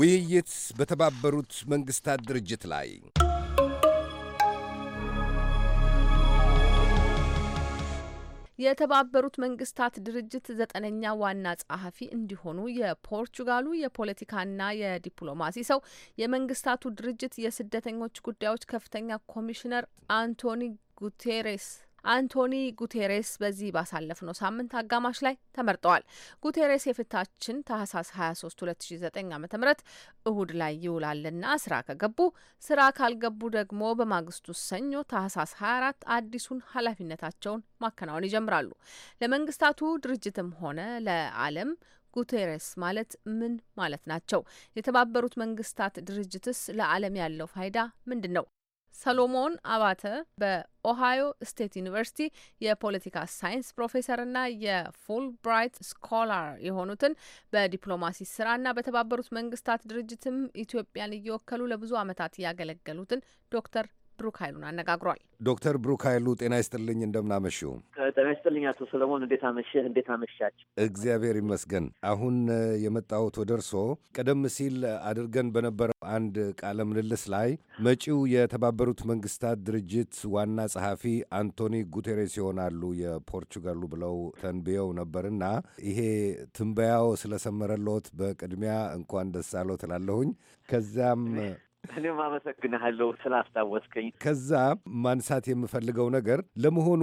ውይይት በተባበሩት መንግስታት ድርጅት ላይ የተባበሩት መንግስታት ድርጅት ዘጠነኛ ዋና ጸሐፊ እንዲሆኑ የፖርቹጋሉ የፖለቲካና የዲፕሎማሲ ሰው የመንግስታቱ ድርጅት የስደተኞች ጉዳዮች ከፍተኛ ኮሚሽነር አንቶኒ ጉቴሬስ አንቶኒ ጉቴሬስ በዚህ ባሳለፍነው ሳምንት አጋማሽ ላይ ተመርጠዋል። ጉቴሬስ የፊታችን ታህሳስ 23 2009 ዓ ም እሁድ ላይ ይውላልና ስራ ከገቡ፣ ስራ ካልገቡ ደግሞ በማግስቱ ሰኞ ታህሳስ 24 አዲሱን ኃላፊነታቸውን ማከናወን ይጀምራሉ። ለመንግስታቱ ድርጅትም ሆነ ለዓለም ጉቴሬስ ማለት ምን ማለት ናቸው? የተባበሩት መንግስታት ድርጅትስ ለዓለም ያለው ፋይዳ ምንድን ነው? ሰሎሞን አባተ በኦሃዮ ስቴት ዩኒቨርሲቲ የፖለቲካ ሳይንስ ፕሮፌሰርና የፉል ብራይት ስኮላር የሆኑትን በዲፕሎማሲ ስራና በተባበሩት መንግስታት ድርጅትም ኢትዮጵያን እየወከሉ ለብዙ ዓመታት ያገለገሉትን ዶክተር ብሩክ ኃይሉን አነጋግሯል። ዶክተር ብሩክ ኃይሉ ጤና ይስጥልኝ፣ እንደምናመሹ። ጤና ይስጥልኝ አቶ ሰለሞን፣ እንዴት አመሽህ? እንዴት አመሻችሁ? እግዚአብሔር ይመስገን። አሁን የመጣሁት ወደ እርሶ ቀደም ሲል አድርገን በነበረው አንድ ቃለ ምልልስ ላይ መጪው የተባበሩት መንግስታት ድርጅት ዋና ጸሐፊ አንቶኒ ጉቴሬስ ይሆናሉ የፖርቹጋሉ ብለው ተንብየው ነበርና ይሄ ትንበያው ስለሰመረለት በቅድሚያ እንኳን ደስ አለው ትላለሁኝ። ከዚያም እኔም አመሰግንሃለሁ ስላስታወስከኝ። ከዛ ማንሳት የምፈልገው ነገር ለመሆኑ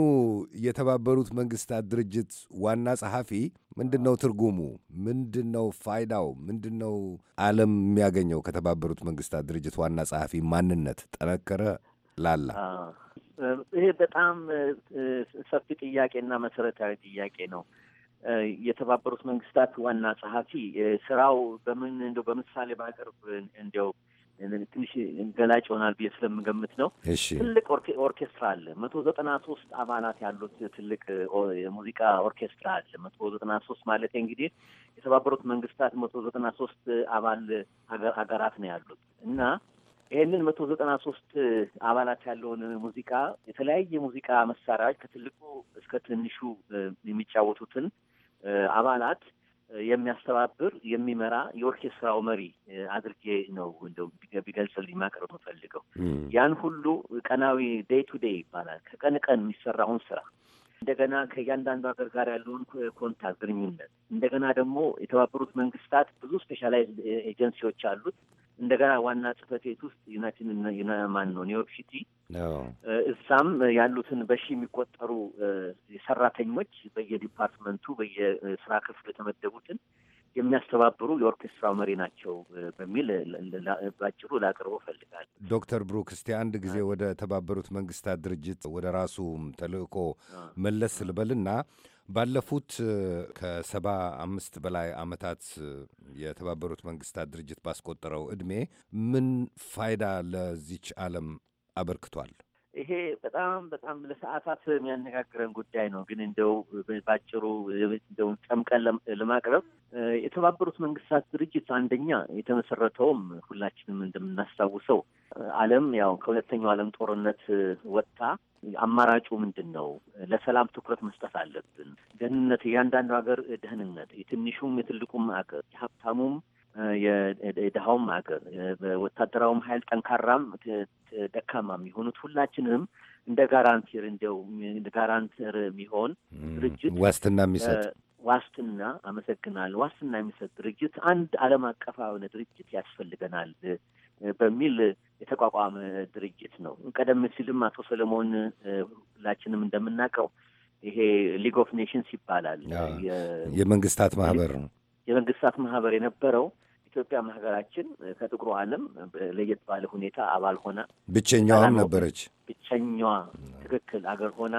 የተባበሩት መንግስታት ድርጅት ዋና ጸሐፊ ምንድን ነው ትርጉሙ? ምንድን ነው ፋይዳው? ምንድን ነው ዓለም የሚያገኘው ከተባበሩት መንግስታት ድርጅት ዋና ጸሐፊ ማንነት? ጠነከረ ላላ፣ ይሄ በጣም ሰፊ ጥያቄና መሰረታዊ ጥያቄ ነው። የተባበሩት መንግስታት ዋና ጸሐፊ ስራው በምን እንደው በምሳሌ ባቅርብ እንደው ትንሽ ገላጭ ይሆናል ብዬ ስለምገምት ነው። ትልቅ ኦርኬስትራ አለ። መቶ ዘጠና ሶስት አባላት ያሉት ትልቅ የሙዚቃ ኦርኬስትራ አለ። መቶ ዘጠና ሶስት ማለት እንግዲህ የተባበሩት መንግስታት መቶ ዘጠና ሶስት አባል ሀገራት ነው ያሉት እና ይህንን መቶ ዘጠና ሶስት አባላት ያለውን ሙዚቃ የተለያየ ሙዚቃ መሳሪያዎች ከትልቁ እስከ ትንሹ የሚጫወቱትን አባላት የሚያስተባብር የሚመራ የኦርኬስትራው መሪ አድርጌ ነው እንደው ቢገልጽልኝ ማቅረብ የምፈልገው ያን ሁሉ ቀናዊ ዴይ ቱ ዴይ ይባላል ከቀን ቀን የሚሰራውን ስራ እንደገና ከእያንዳንዱ ሀገር ጋር ያለውን ኮንታክት ግንኙነት እንደገና ደግሞ የተባበሩት መንግስታት ብዙ ስፔሻላይዝ ኤጀንሲዎች አሉት እንደገና ዋና ጽህፈት ቤት ውስጥ ዩናይትን ማን ነው ኒውዮርክ ሲቲ እዛም ያሉትን በሺ የሚቆጠሩ ሰራተኞች በየዲፓርትመንቱ በየስራ ክፍል የተመደቡትን የሚያስተባብሩ የኦርኬስትራው መሪ ናቸው በሚል ባጭሩ ላቅርቦ ፈልጋል። ዶክተር ብሩክ እስቲ አንድ ጊዜ ወደ ተባበሩት መንግስታት ድርጅት ወደ ራሱ ተልእኮ መለስ ልበልና ባለፉት ከሰባ አምስት በላይ ዓመታት የተባበሩት መንግስታት ድርጅት ባስቆጠረው ዕድሜ ምን ፋይዳ ለዚች ዓለም አበርክቷል? ይሄ በጣም በጣም ለሰዓታት የሚያነጋግረን ጉዳይ ነው። ግን እንደው ባጭሩ እንደው ጨምቀን ለማቅረብ የተባበሩት መንግስታት ድርጅት አንደኛ የተመሰረተውም ሁላችንም እንደምናስታውሰው ዓለም ያው ከሁለተኛው ዓለም ጦርነት ወጥታ አማራጩ ምንድን ነው? ለሰላም ትኩረት መስጠት አለብን። ደህንነት፣ እያንዳንዱ ሀገር ደህንነት፣ የትንሹም የትልቁም ሀገር የሀብታሙም የድሃውም ሀገር በወታደራዊም ኃይል ጠንካራም ደካማም የሆኑት ሁላችንም እንደ ጋራንቲር እንደው እንደ ጋራንቲር የሚሆን ድርጅት ዋስትና የሚሰጥ ዋስትና አመሰግናል ዋስትና የሚሰጥ ድርጅት አንድ ዓለም የሆነ ድርጅት ያስፈልገናል በሚል የተቋቋመ ድርጅት ነው። ቀደም ሲልም አቶ ሰለሞን ሁላችንም እንደምናውቀው ይሄ ሊግ ኦፍ ኔሽንስ ይባላል የመንግስታት ማህበር ነው። የመንግስታት ማህበር የነበረው ኢትዮጵያም ሀገራችን ከጥቁሩ ዓለም ለየት ባለ ሁኔታ አባል ሆና ብቸኛዋም ነበረች። ብቸኛዋ ትክክል አገር ሆና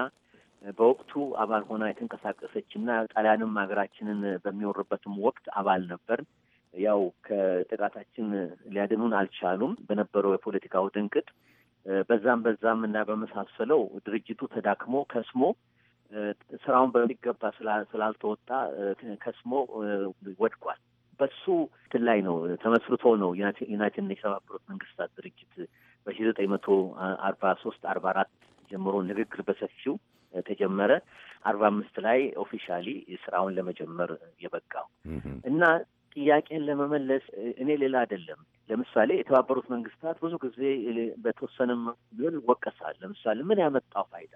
በወቅቱ አባል ሆና የተንቀሳቀሰች እና ጣሊያንም ሀገራችንን በሚወርበትም ወቅት አባል ነበር። ያው ከጥቃታችን ሊያድኑን አልቻሉም በነበረው የፖለቲካው ድንቅጥ በዛም በዛም እና በመሳሰለው ድርጅቱ ተዳክሞ ከስሞ ስራውን በሚገባ ስላልተወጣ ከስሞ ወድቋል። በሱ እንትን ላይ ነው ተመስርቶ ነው ዩናይትድ ኔሽን የተባበሩት መንግስታት ድርጅት በሺ ዘጠኝ መቶ አርባ ሶስት አርባ አራት ጀምሮ ንግግር በሰፊው ተጀመረ። አርባ አምስት ላይ ኦፊሻሊ ስራውን ለመጀመር የበቃው እና ጥያቄን ለመመለስ እኔ ሌላ አይደለም ለምሳሌ የተባበሩት መንግስታት ብዙ ጊዜ በተወሰነም ቢሆን ይወቀሳል። ለምሳሌ ምን ያመጣው ፋይዳ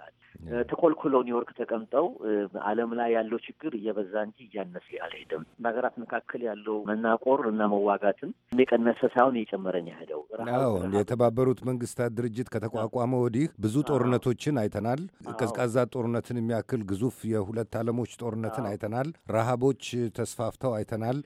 ተኮልኩለው ኒውዮርክ ተቀምጠው ዓለም ላይ ያለው ችግር እየበዛ እንጂ እያነሰ አልሄደም። በሀገራት መካከል ያለው መናቆር እና መዋጋትን የቀነሰ ሳይሆን እየጨመረን ያሄደው። የተባበሩት መንግስታት ድርጅት ከተቋቋመ ወዲህ ብዙ ጦርነቶችን አይተናል። ቀዝቃዛ ጦርነትን የሚያክል ግዙፍ የሁለት ዓለሞች ጦርነትን አይተናል። ረሃቦች ተስፋፍተው አይተናል።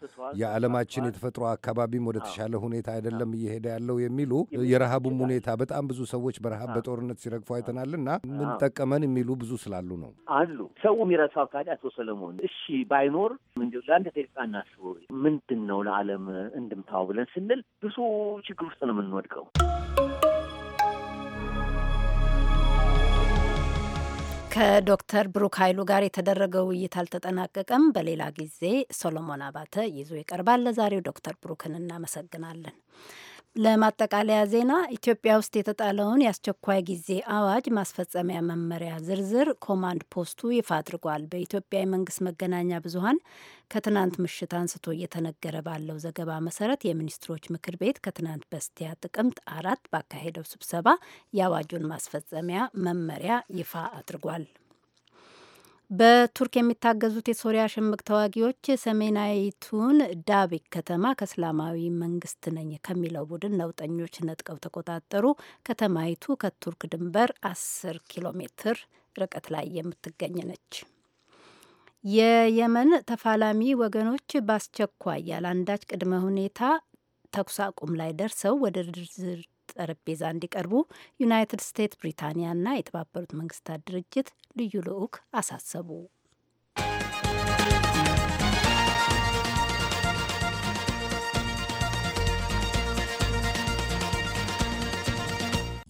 የዓለማችን የተፈጥሮ አካባቢም ወደ ተሻለ ሁኔታ አይደለም እየሄደ ያለው የሚሉ የረሃቡም ሁኔታ በጣም ብዙ ሰዎች በረሃብ በጦርነት ሲረግፉ አይተናልና ምን ጠቀመን የሚሉ ብዙ ስላሉ ነው አሉ። ሰው የሚረሳው ታዲያ አቶ ሰለሞን እሺ ባይኖር እንዲሁ ለአንድ ደቂቃ እናስበው። ምንድን ነው ለዓለም እንድምታው ብለን ስንል ብዙ ችግር ውስጥ ነው የምንወድቀው። ከዶክተር ብሩክ ኃይሉ ጋር የተደረገው ውይይት አልተጠናቀቀም። በሌላ ጊዜ ሶሎሞን አባተ ይዞ ይቀርባል። ለዛሬው ዶክተር ብሩክን እናመሰግናለን። ለማጠቃለያ ዜና ኢትዮጵያ ውስጥ የተጣለውን የአስቸኳይ ጊዜ አዋጅ ማስፈጸሚያ መመሪያ ዝርዝር ኮማንድ ፖስቱ ይፋ አድርጓል። በኢትዮጵያ የመንግስት መገናኛ ብዙኃን ከትናንት ምሽት አንስቶ እየተነገረ ባለው ዘገባ መሰረት የሚኒስትሮች ምክር ቤት ከትናንት በስቲያ ጥቅምት አራት ባካሄደው ስብሰባ የአዋጁን ማስፈጸሚያ መመሪያ ይፋ አድርጓል። በቱርክ የሚታገዙት የሶሪያ ሽምቅ ተዋጊዎች ሰሜናዊቱን ዳቢክ ከተማ ከእስላማዊ መንግስት ነኝ ከሚለው ቡድን ነውጠኞች ነጥቀው ተቆጣጠሩ። ከተማይቱ ከቱርክ ድንበር አስር ኪሎ ሜትር ርቀት ላይ የምትገኝ ነች። የየመን ተፋላሚ ወገኖች በአስቸኳይ ያለ አንዳች ቅድመ ሁኔታ ተኩስ አቁም ላይ ደርሰው ወደ ድርድር ጠረጴዛ እንዲቀርቡ ዩናይትድ ስቴትስ፣ ብሪታንያና የተባበሩት መንግስታት ድርጅት ልዩ ልዑክ አሳሰቡ።